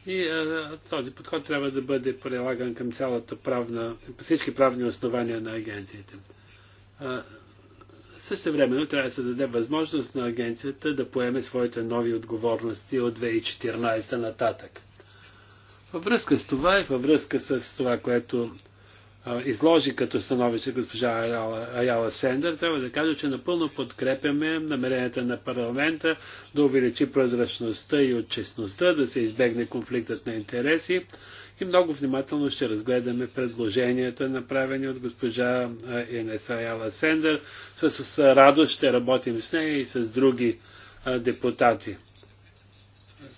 И а, този подход трябва да бъде прилаган към цялата правна, всички правни основания на агенциите. А, също времено трябва да се даде възможност на агенцията да поеме своите нови отговорности от 2014 нататък. Във връзка с това и във връзка с това, което а, изложи като становище госпожа Аяла, Аяла Сендър, трябва да кажа, че напълно подкрепяме намеренията на парламента да увеличи прозрачността и отчестността, да се избегне конфликтът на интереси и много внимателно ще разгледаме предложенията, направени от госпожа Енеса Яла Сендър. С, с радост ще работим с нея и с други а, депутати.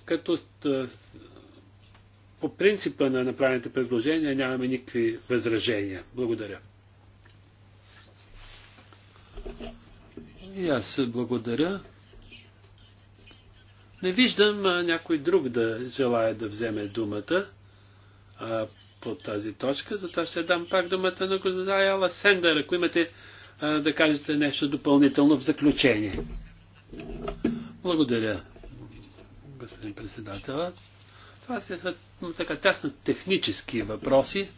Като по принципа на направените предложения нямаме никакви възражения. Благодаря. И аз благодаря. Не виждам а, някой друг да желая да вземе думата а, по тази точка, затова ще дам пак думата на господа Яла Сендър, ако имате а, да кажете нещо допълнително в заключение. Благодаря, господин председател. Това са така тясно технически въпроси.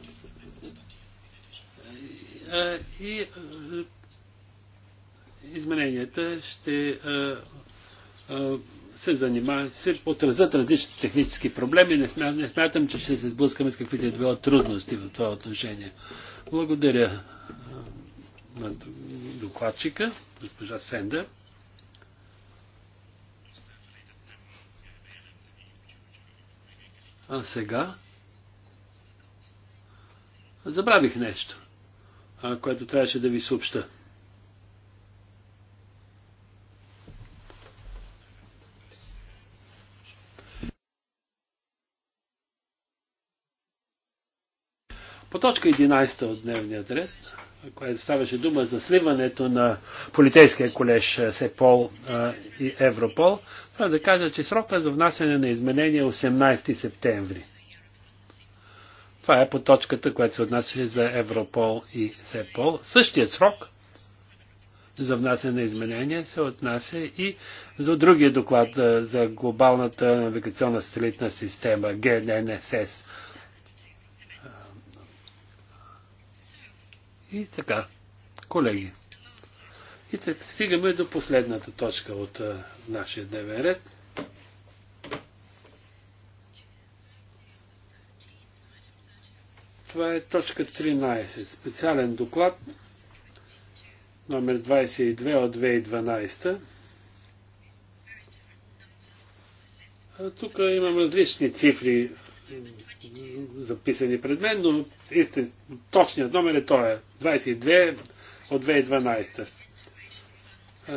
А, и а, измененията ще а, се занимава, се отразят различни технически проблеми. Не смятам, не смятам, че ще се сблъскаме с каквито и е било трудности в това отношение. Благодаря на докладчика, госпожа Сендер. А сега забравих нещо, което трябваше да ви съобща. точка 11 от дневния ред, която ставаше дума за сливането на полицейския колеж е, СЕПОЛ а, е, и Европол, трябва е да кажа, че срока за внасяне на изменения е 18 септември. Това е по точката, която се отнасяше за Европол и СЕПОЛ. Същият срок за внасяне на изменения се отнася и за другия доклад за глобалната навигационна стрелитна система ГННСС. И така, колеги. И така, стигаме до последната точка от а, нашия дневен ред. Това е точка 13. Специален доклад номер 22 от 2012. тук имам различни цифри записани пред мен, но истин, точният номер е той 22 е от 2012.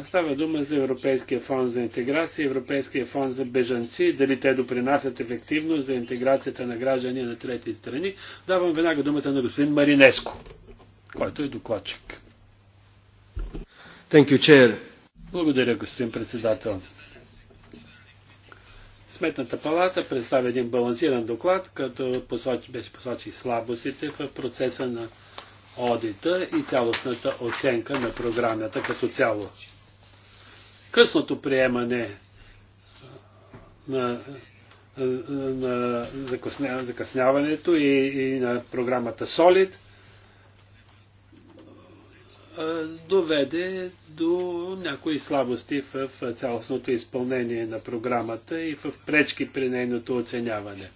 Става дума за Европейския фонд за интеграция, Европейския фонд за бежанци, дали те допринасят ефективно за интеграцията на граждани на трети страни. Давам веднага думата на господин Маринеско, който е докладчик. Thank you, chair. Благодаря, господин председател. Сметната палата представи един балансиран доклад, като посочи, беше посочи слабостите в процеса на одита и цялостната оценка на програмата като цяло. Късното приемане на, на, на закъсняването и, и на програмата Solid – доведе до някои слабости в цялостното изпълнение на програмата и в пречки при нейното оценяване.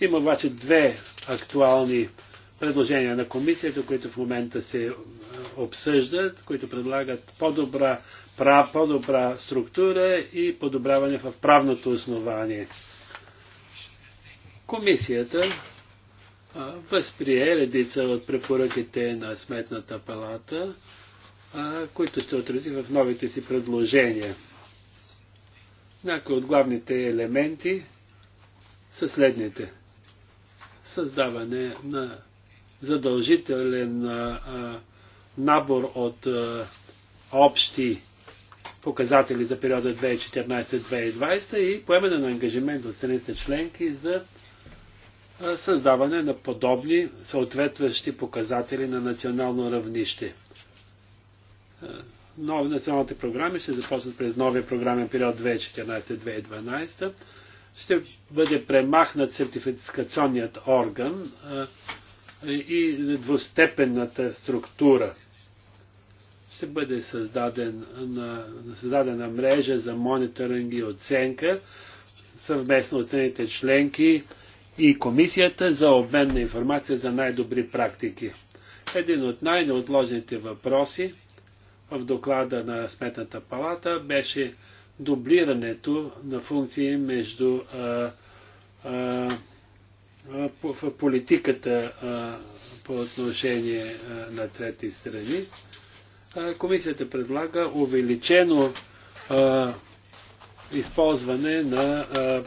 Има обаче две актуални предложения на комисията, които в момента се обсъждат, които предлагат по-добра, прав, по-добра структура и подобряване в правното основание. Комисията възприе редица от препоръките на Сметната палата, които ще отрази в новите си предложения. Някои от главните елементи са следните. Създаване на задължителен набор от общи показатели за периода 2014-2020 и поемане на ангажимент от страните членки за създаване на подобни съответващи показатели на национално равнище. Нови националните програми ще започнат през новия програмен период 2014-2012. Ще бъде премахнат сертификационният орган и двустепенната структура. Ще бъде създадена, създадена мрежа за мониторинг и оценка съвместно от страните членки, и Комисията за обмен на информация за най-добри практики. Един от най-неотложните въпроси в доклада на Сметната палата беше дублирането на функции между а, а, в политиката а, по отношение а, на трети страни. А, комисията предлага увеличено а, използване на а,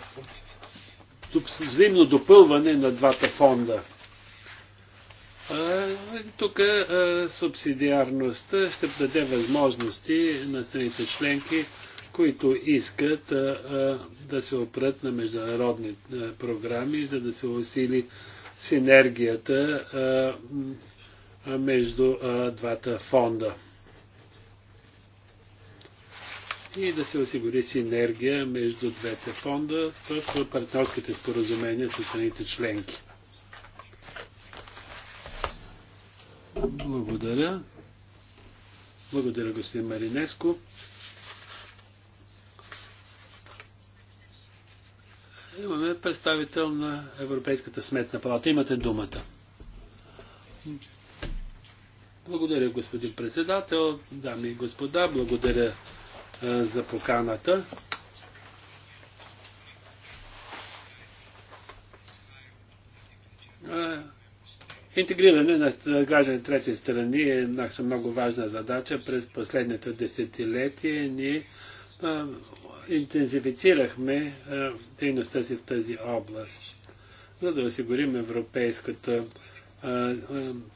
взаимно допълване на двата фонда. Тук субсидиарността ще даде възможности на страните членки, които искат да се опрат на международни програми, за да се усили синергията между двата фонда и да се осигури синергия между двете фонда в партньорските споразумения с страните членки. Благодаря. Благодаря, господин Маринеско. Имаме представител на Европейската сметна палата. Имате думата. Благодаря, господин председател, дами и господа. Благодаря е, за поканата. Е, интегриране на граждани трети страни е много важна задача. През последните десетилетие ние а, интензифицирахме а, е, дейността си в тази област, за да осигурим европейската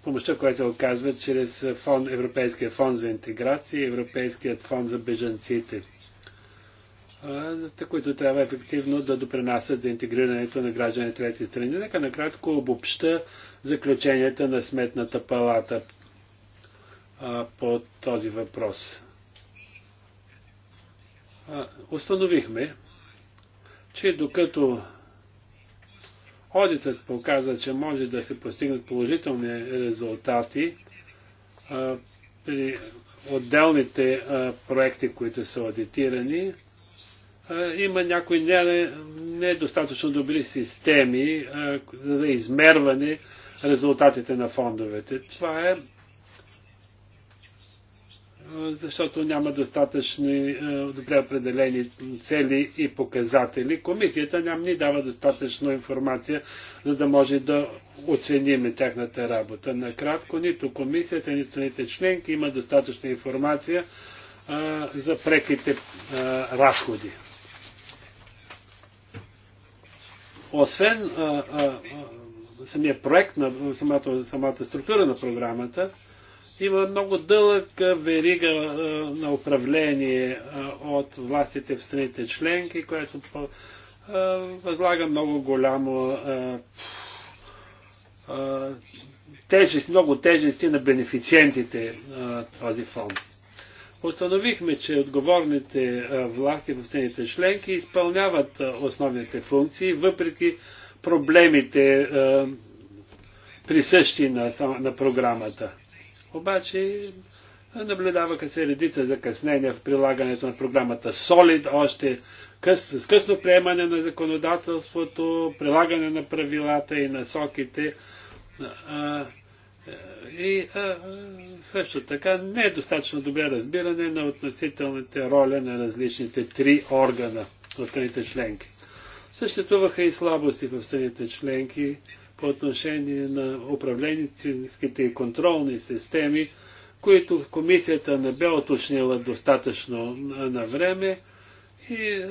помощта, която оказва чрез фон, Европейския фонд за интеграция и Европейският фонд за бежанците, които трябва ефективно да допринасят за интегрирането на граждани трети страни. Нека накратко обобща заключенията на Сметната палата по този въпрос. Установихме, че докато Одитът показа, че може да се постигнат положителни резултати а, при отделните а, проекти, които са аудитирани. А, има някои недостатъчно не, добри системи за измерване резултатите на фондовете. Това е защото няма достатъчно е, добре определени цели и показатели. Комисията няма ни дава достатъчно информация, за да може да оценим тяхната работа. Накратко, нито комисията, нито страните членки има достатъчно информация е, за преките е, разходи. Освен самия проект на самата, самата структура на програмата, има много дълъг верига на управление от властите в страните членки, което възлага много голямо тежести, много тежести на бенефициентите на този фонд. Установихме, че отговорните власти в страните членки изпълняват основните функции, въпреки проблемите присъщи на, на програмата. Обаче наблюдаваха се редица закъснения в прилагането на програмата Solid, още къс, с късно приемане на законодателството, прилагане на правилата и насоките. А, и а, също така не е достатъчно добре разбиране на относителните роля на различните три органа в страните членки. Съществуваха и слабости в страните членки по отношение на управленските и контролни системи, които комисията не бе оточнила достатъчно на време и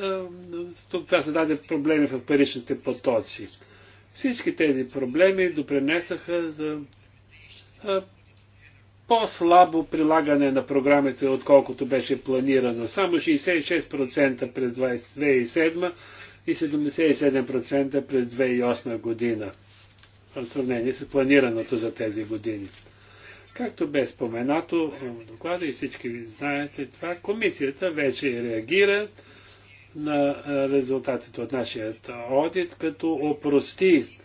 тук това се даде проблеми в паричните потоци. Всички тези проблеми допринесаха за по-слабо прилагане на програмите, отколкото беше планирано. Само 66% през 2007 и 77% през 2008 година в сравнение с планираното за тези години. Както бе споменато в доклада и всички знаете това, комисията вече реагира на резултатите от нашия одит, като опрости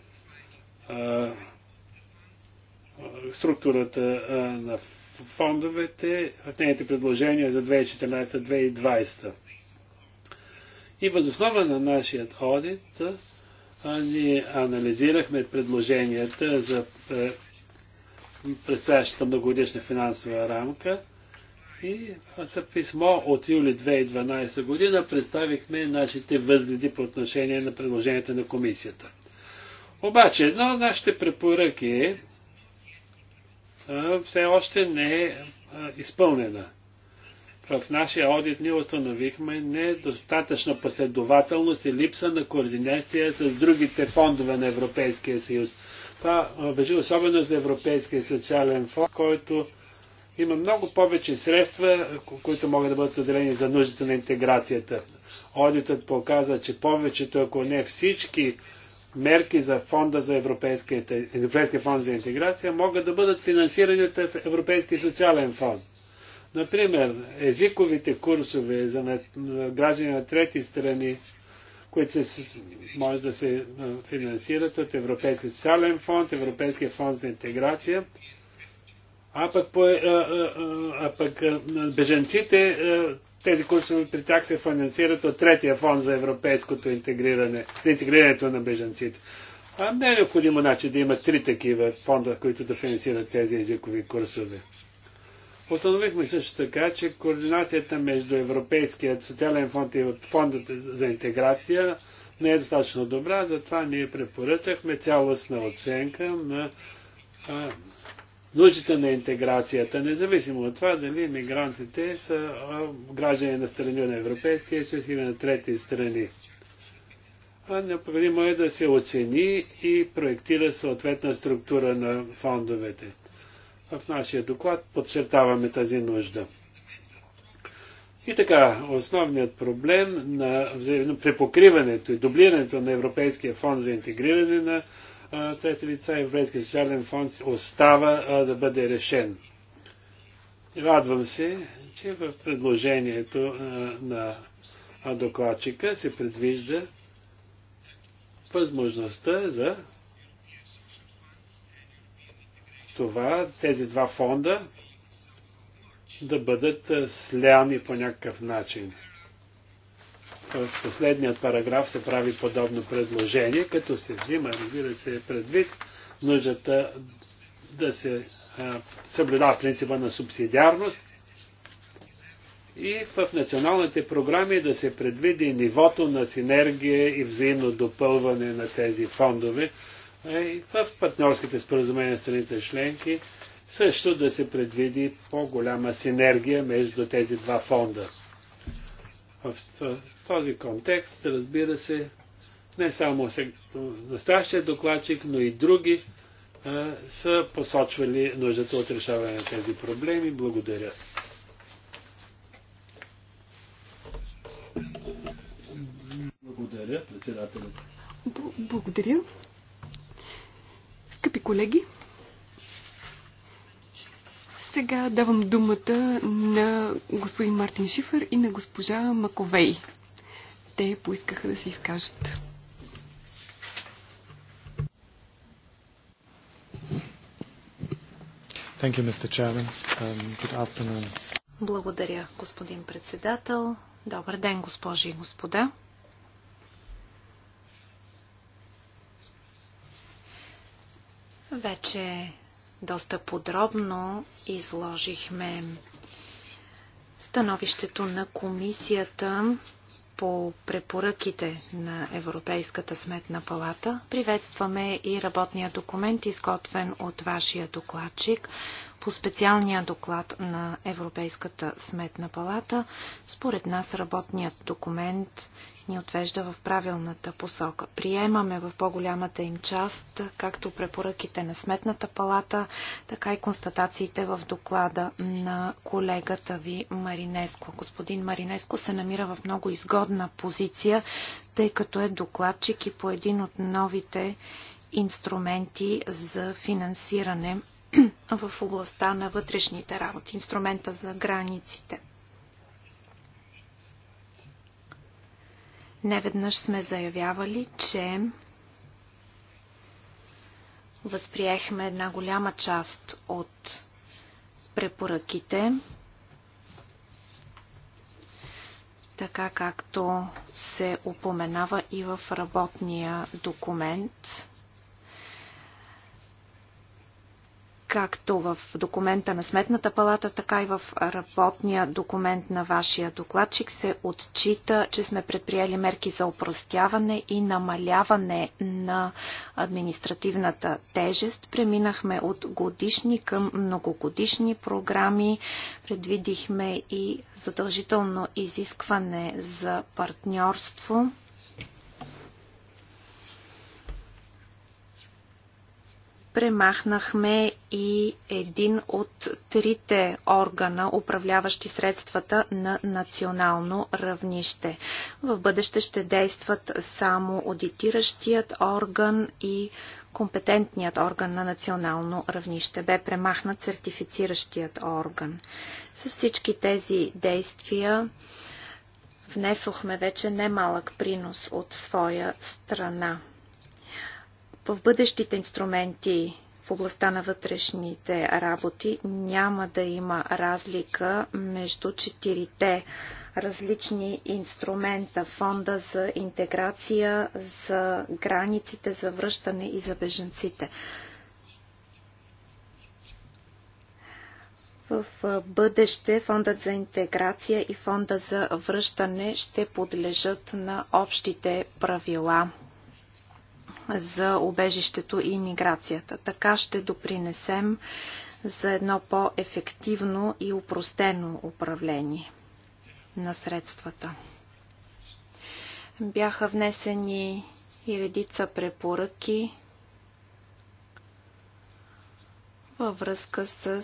структурата на фондовете в нейните предложения за 2014-2020. И възоснова на нашия одит ние анализирахме предложенията за е, предстоящата многогодишна финансова рамка и с писмо от юли 2012 година представихме нашите възгледи по отношение на предложенията на комисията. Обаче, едно от нашите препоръки все още не е изпълнена в нашия одит ние установихме недостатъчна последователност и липса на координация с другите фондове на Европейския съюз. Това въжи особено за Европейския социален фонд, който има много повече средства, които могат да бъдат отделени за нуждите на интеграцията. Одитът показа, че повечето, ако не всички мерки за фонда за Европейския, Европейския фонд за интеграция могат да бъдат финансирани от Европейския социален фонд. Например, езиковите курсове за граждани на трети страни, които се, може да се финансират от Европейския социален фонд, Европейския фонд за интеграция, а пък, по, а, а, а, пък беженците, тези курсове при тях се финансират от третия фонд за европейското интегриране, интегрирането на беженците. А не е необходимо значи, да има три такива фонда, които да финансират тези езикови курсове. Установихме също така, че координацията между Европейският социален фонд и фондът за интеграция не е достатъчно добра, затова ние препоръчахме цялостна оценка на нуждите на интеграцията, независимо от това дали мигрантите са граждани на страни на Европейския съюз или на трети страни. А необходимо е да се оцени и проектира съответна структура на фондовете. В нашия доклад подчертаваме тази нужда. И така, основният проблем на взаимно препокриването и дублирането на Европейския фонд за интегриране на трети лица, Европейския социален фонд остава а, да бъде решен. Радвам се, че в предложението а, на докладчика се предвижда възможността за това тези два фонда да бъдат сляни по някакъв начин. В последният параграф се прави подобно предложение, като се взима, разбира се, предвид нуждата да се съблюдава принципа на субсидиарност и в националните програми да се предвиди нивото на синергия и взаимно допълване на тези фондове, е, и в партньорските споразумения на страните членки също да се предвиди по-голяма синергия между тези два фонда. В този контекст, разбира се, не само настоящия докладчик, но и други а, са посочвали нуждата от решаване на тези проблеми. Благодаря. Благодаря, председателят. Благодаря. Скъпи колеги, сега давам думата на господин Мартин Шифър и на госпожа Маковей. Те поискаха да се изкажат. Thank you, Mr. Chairman. Um, good afternoon. Благодаря, господин председател. Добър ден, госпожи и господа. Вече доста подробно изложихме становището на комисията по препоръките на Европейската сметна палата. Приветстваме и работния документ, изготвен от вашия докладчик по специалния доклад на Европейската сметна палата. Според нас работният документ ни отвежда в правилната посока. Приемаме в по-голямата им част както препоръките на Сметната палата, така и констатациите в доклада на колегата ви Маринеско. Господин Маринеско се намира в много изгодна позиция, тъй като е докладчик и по един от новите инструменти за финансиране в областта на вътрешните работи, инструмента за границите. Неведнъж сме заявявали, че възприехме една голяма част от препоръките, така както се упоменава и в работния документ както в документа на Сметната палата, така и в работния документ на вашия докладчик се отчита, че сме предприели мерки за упростяване и намаляване на административната тежест. Преминахме от годишни към многогодишни програми. Предвидихме и задължително изискване за партньорство премахнахме и един от трите органа, управляващи средствата на национално равнище. В бъдеще ще действат само аудитиращият орган и компетентният орган на национално равнище. Бе премахнат сертифициращият орган. С всички тези действия внесохме вече немалък принос от своя страна в бъдещите инструменти в областта на вътрешните работи няма да има разлика между четирите различни инструмента фонда за интеграция, за границите, за връщане и за беженците. В бъдеще фондът за интеграция и фонда за връщане ще подлежат на общите правила за убежището и миграцията. Така ще допринесем за едно по-ефективно и упростено управление на средствата. Бяха внесени и редица препоръки във връзка с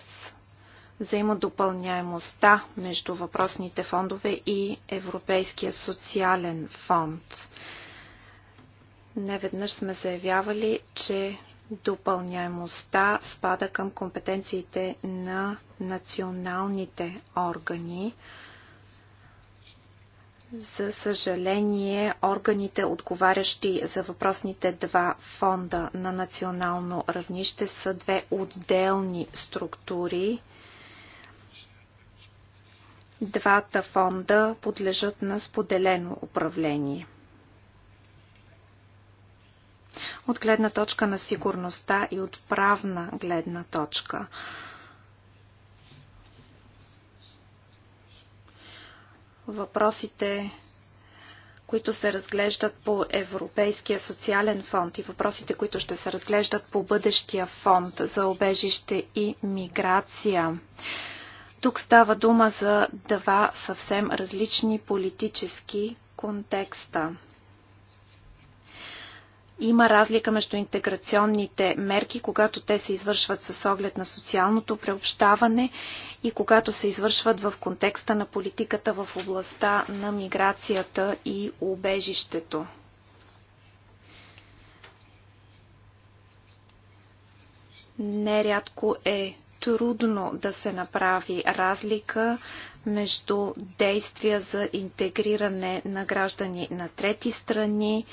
взаимодопълняемостта между въпросните фондове и Европейския социален фонд. Неведнъж сме заявявали, че допълняемостта спада към компетенциите на националните органи. За съжаление, органите, отговарящи за въпросните два фонда на национално равнище, са две отделни структури. Двата фонда подлежат на споделено управление. от гледна точка на сигурността и от правна гледна точка. Въпросите, които се разглеждат по Европейския социален фонд и въпросите, които ще се разглеждат по бъдещия фонд за обежище и миграция. Тук става дума за два съвсем различни политически контекста. Има разлика между интеграционните мерки, когато те се извършват с оглед на социалното преобщаване и когато се извършват в контекста на политиката в областта на миграцията и убежището. Нерядко е трудно да се направи разлика между действия за интегриране на граждани на трети страни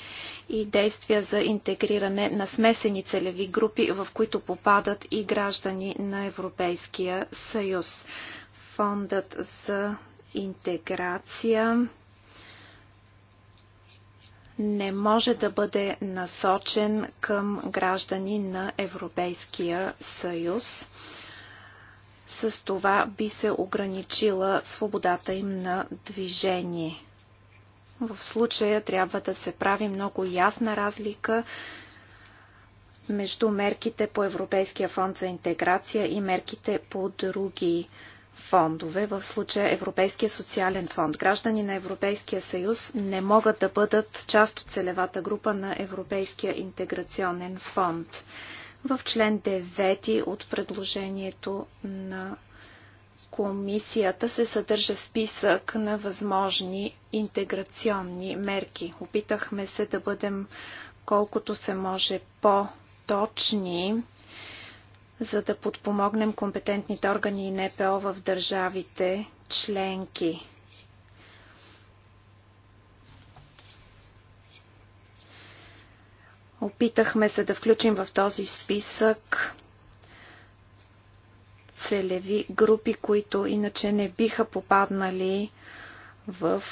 и действия за интегриране на смесени целеви групи, в които попадат и граждани на Европейския съюз. Фондът за интеграция не може да бъде насочен към граждани на Европейския съюз. С това би се ограничила свободата им на движение. В случая трябва да се прави много ясна разлика между мерките по Европейския фонд за интеграция и мерките по други фондове, в случая Европейския социален фонд. Граждани на Европейския съюз не могат да бъдат част от целевата група на Европейския интеграционен фонд в член 9 от предложението на комисията се съдържа списък на възможни интеграционни мерки. Опитахме се да бъдем колкото се може по-точни, за да подпомогнем компетентните органи и НПО в държавите членки. Опитахме се да включим в този списък целеви групи, които иначе не биха попаднали в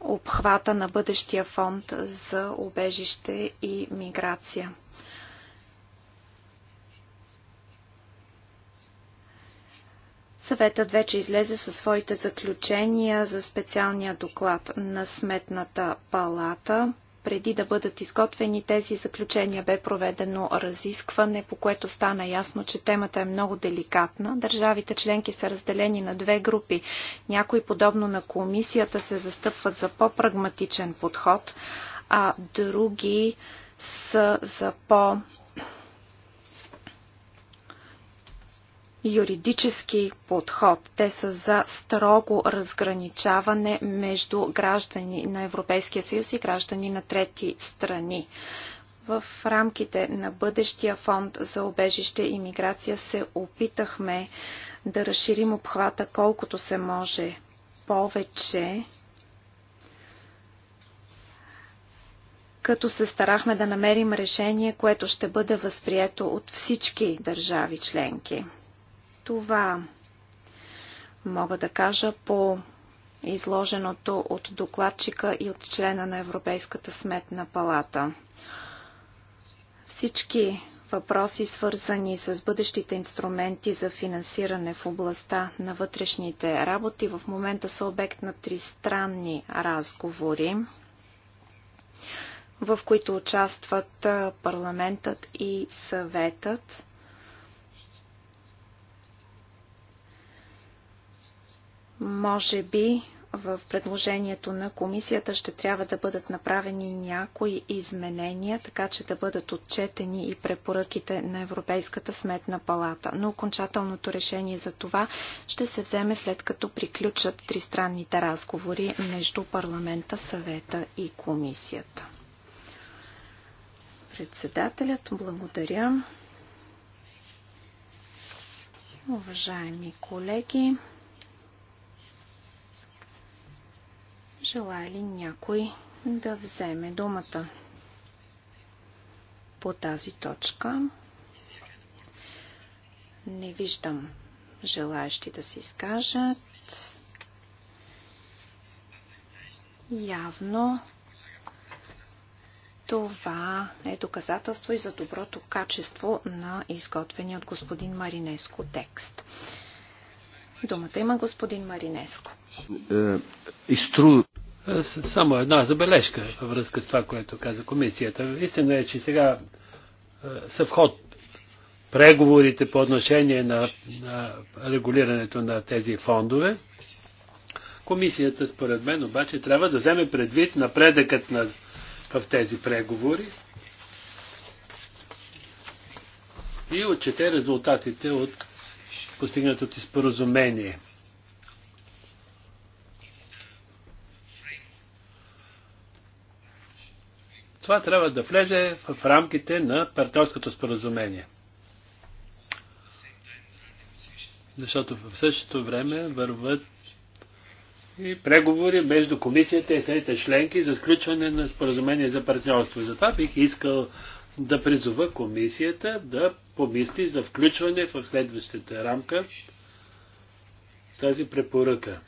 обхвата на бъдещия фонд за убежище и миграция. Съветът вече излезе със своите заключения за специалния доклад на Сметната палата – преди да бъдат изготвени тези заключения, бе проведено разискване, по което стана ясно, че темата е много деликатна. Държавите членки са разделени на две групи. Някои, подобно на комисията, се застъпват за по-прагматичен подход, а други са за по- юридически подход. Те са за строго разграничаване между граждани на Европейския съюз и граждани на трети страни. В рамките на бъдещия фонд за обежище и миграция се опитахме да разширим обхвата колкото се може повече, като се старахме да намерим решение, което ще бъде възприето от всички държави членки. Това мога да кажа по изложеното от докладчика и от члена на Европейската сметна палата. Всички въпроси, свързани с бъдещите инструменти за финансиране в областта на вътрешните работи, в момента са обект на тристранни разговори, в които участват парламентът и съветът. Може би в предложението на комисията ще трябва да бъдат направени някои изменения, така че да бъдат отчетени и препоръките на Европейската сметна палата. Но окончателното решение за това ще се вземе след като приключат тристранните разговори между парламента, съвета и комисията. Председателят, благодаря. Уважаеми колеги, Желая ли някой да вземе думата по тази точка? Не виждам желаящи да се изкажат. Явно това е доказателство и за доброто качество на изготвения от господин Маринеско текст. Думата има господин Маринеско. Е, изтру... Е, само една забележка във връзка с това, което каза комисията. Истина е, че сега е, са в ход преговорите по отношение на, на регулирането на тези фондове. Комисията, според мен, обаче трябва да вземе предвид напредъкът на, в тези преговори и отчете резултатите от постигнатото споразумение. Това трябва да влезе в рамките на партньорското споразумение. Защото в същото време върват и преговори между комисията и страните членки за сключване на споразумение за партньорство. Затова бих искал да призова комисията да помисли за включване в следващата рамка тази препоръка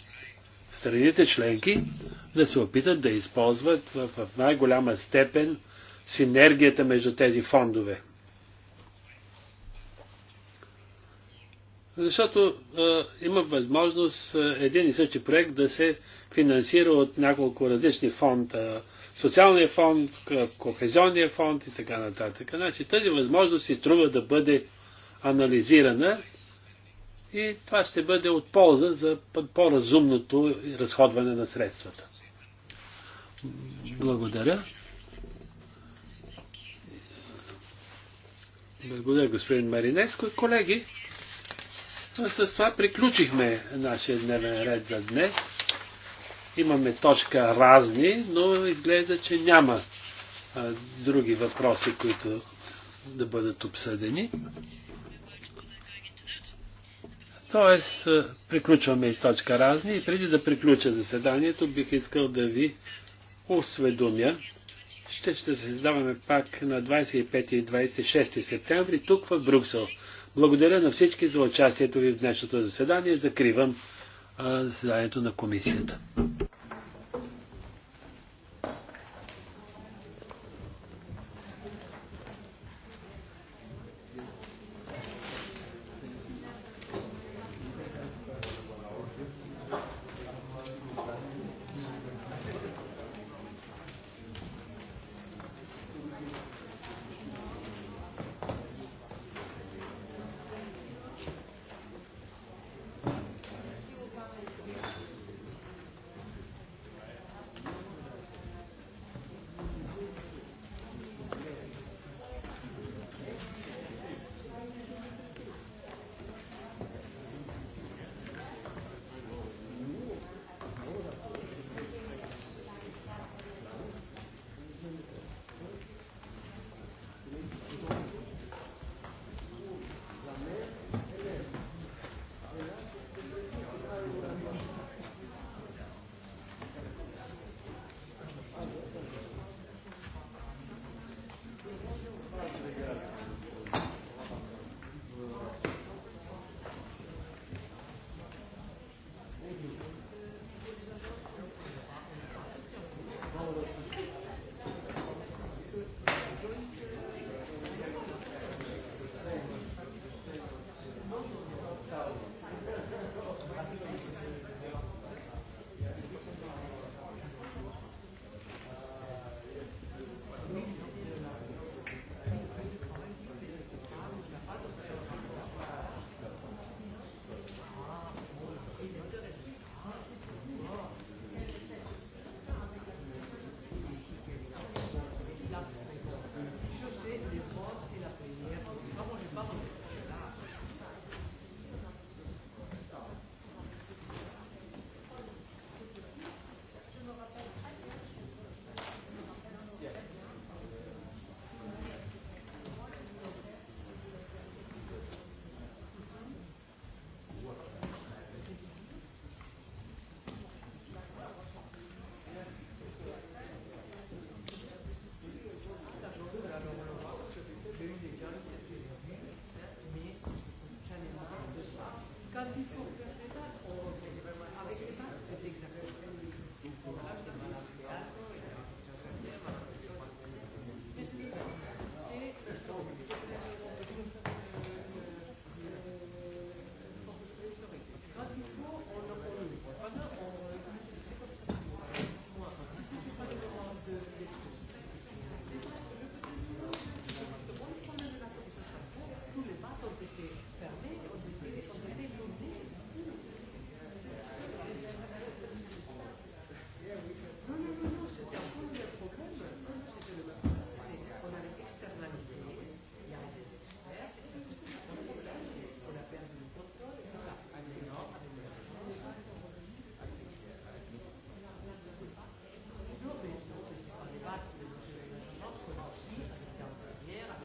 страните членки да се опитат да използват в, в най-голяма степен синергията между тези фондове. Защото е, има възможност един и същи проект да се финансира от няколко различни фонда. Социалния фонд, кохезионния фонд и така нататък. Значи тази възможност си струва да бъде анализирана и това ще бъде от полза за по-разумното разходване на средствата. Благодаря. Благодаря, господин Маринеско. Колеги, с това приключихме нашия дневен ред за днес. Имаме точка разни, но изглежда, че няма а, други въпроси, които да бъдат обсъдени. Тоест, приключваме с точка разни и преди да приключа заседанието, бих искал да ви осведомя, ще, ще се създаваме пак на 25 и 26 септември тук в Брюксел. Благодаря на всички за участието ви в днешното заседание. Закривам а, заседанието на комисията.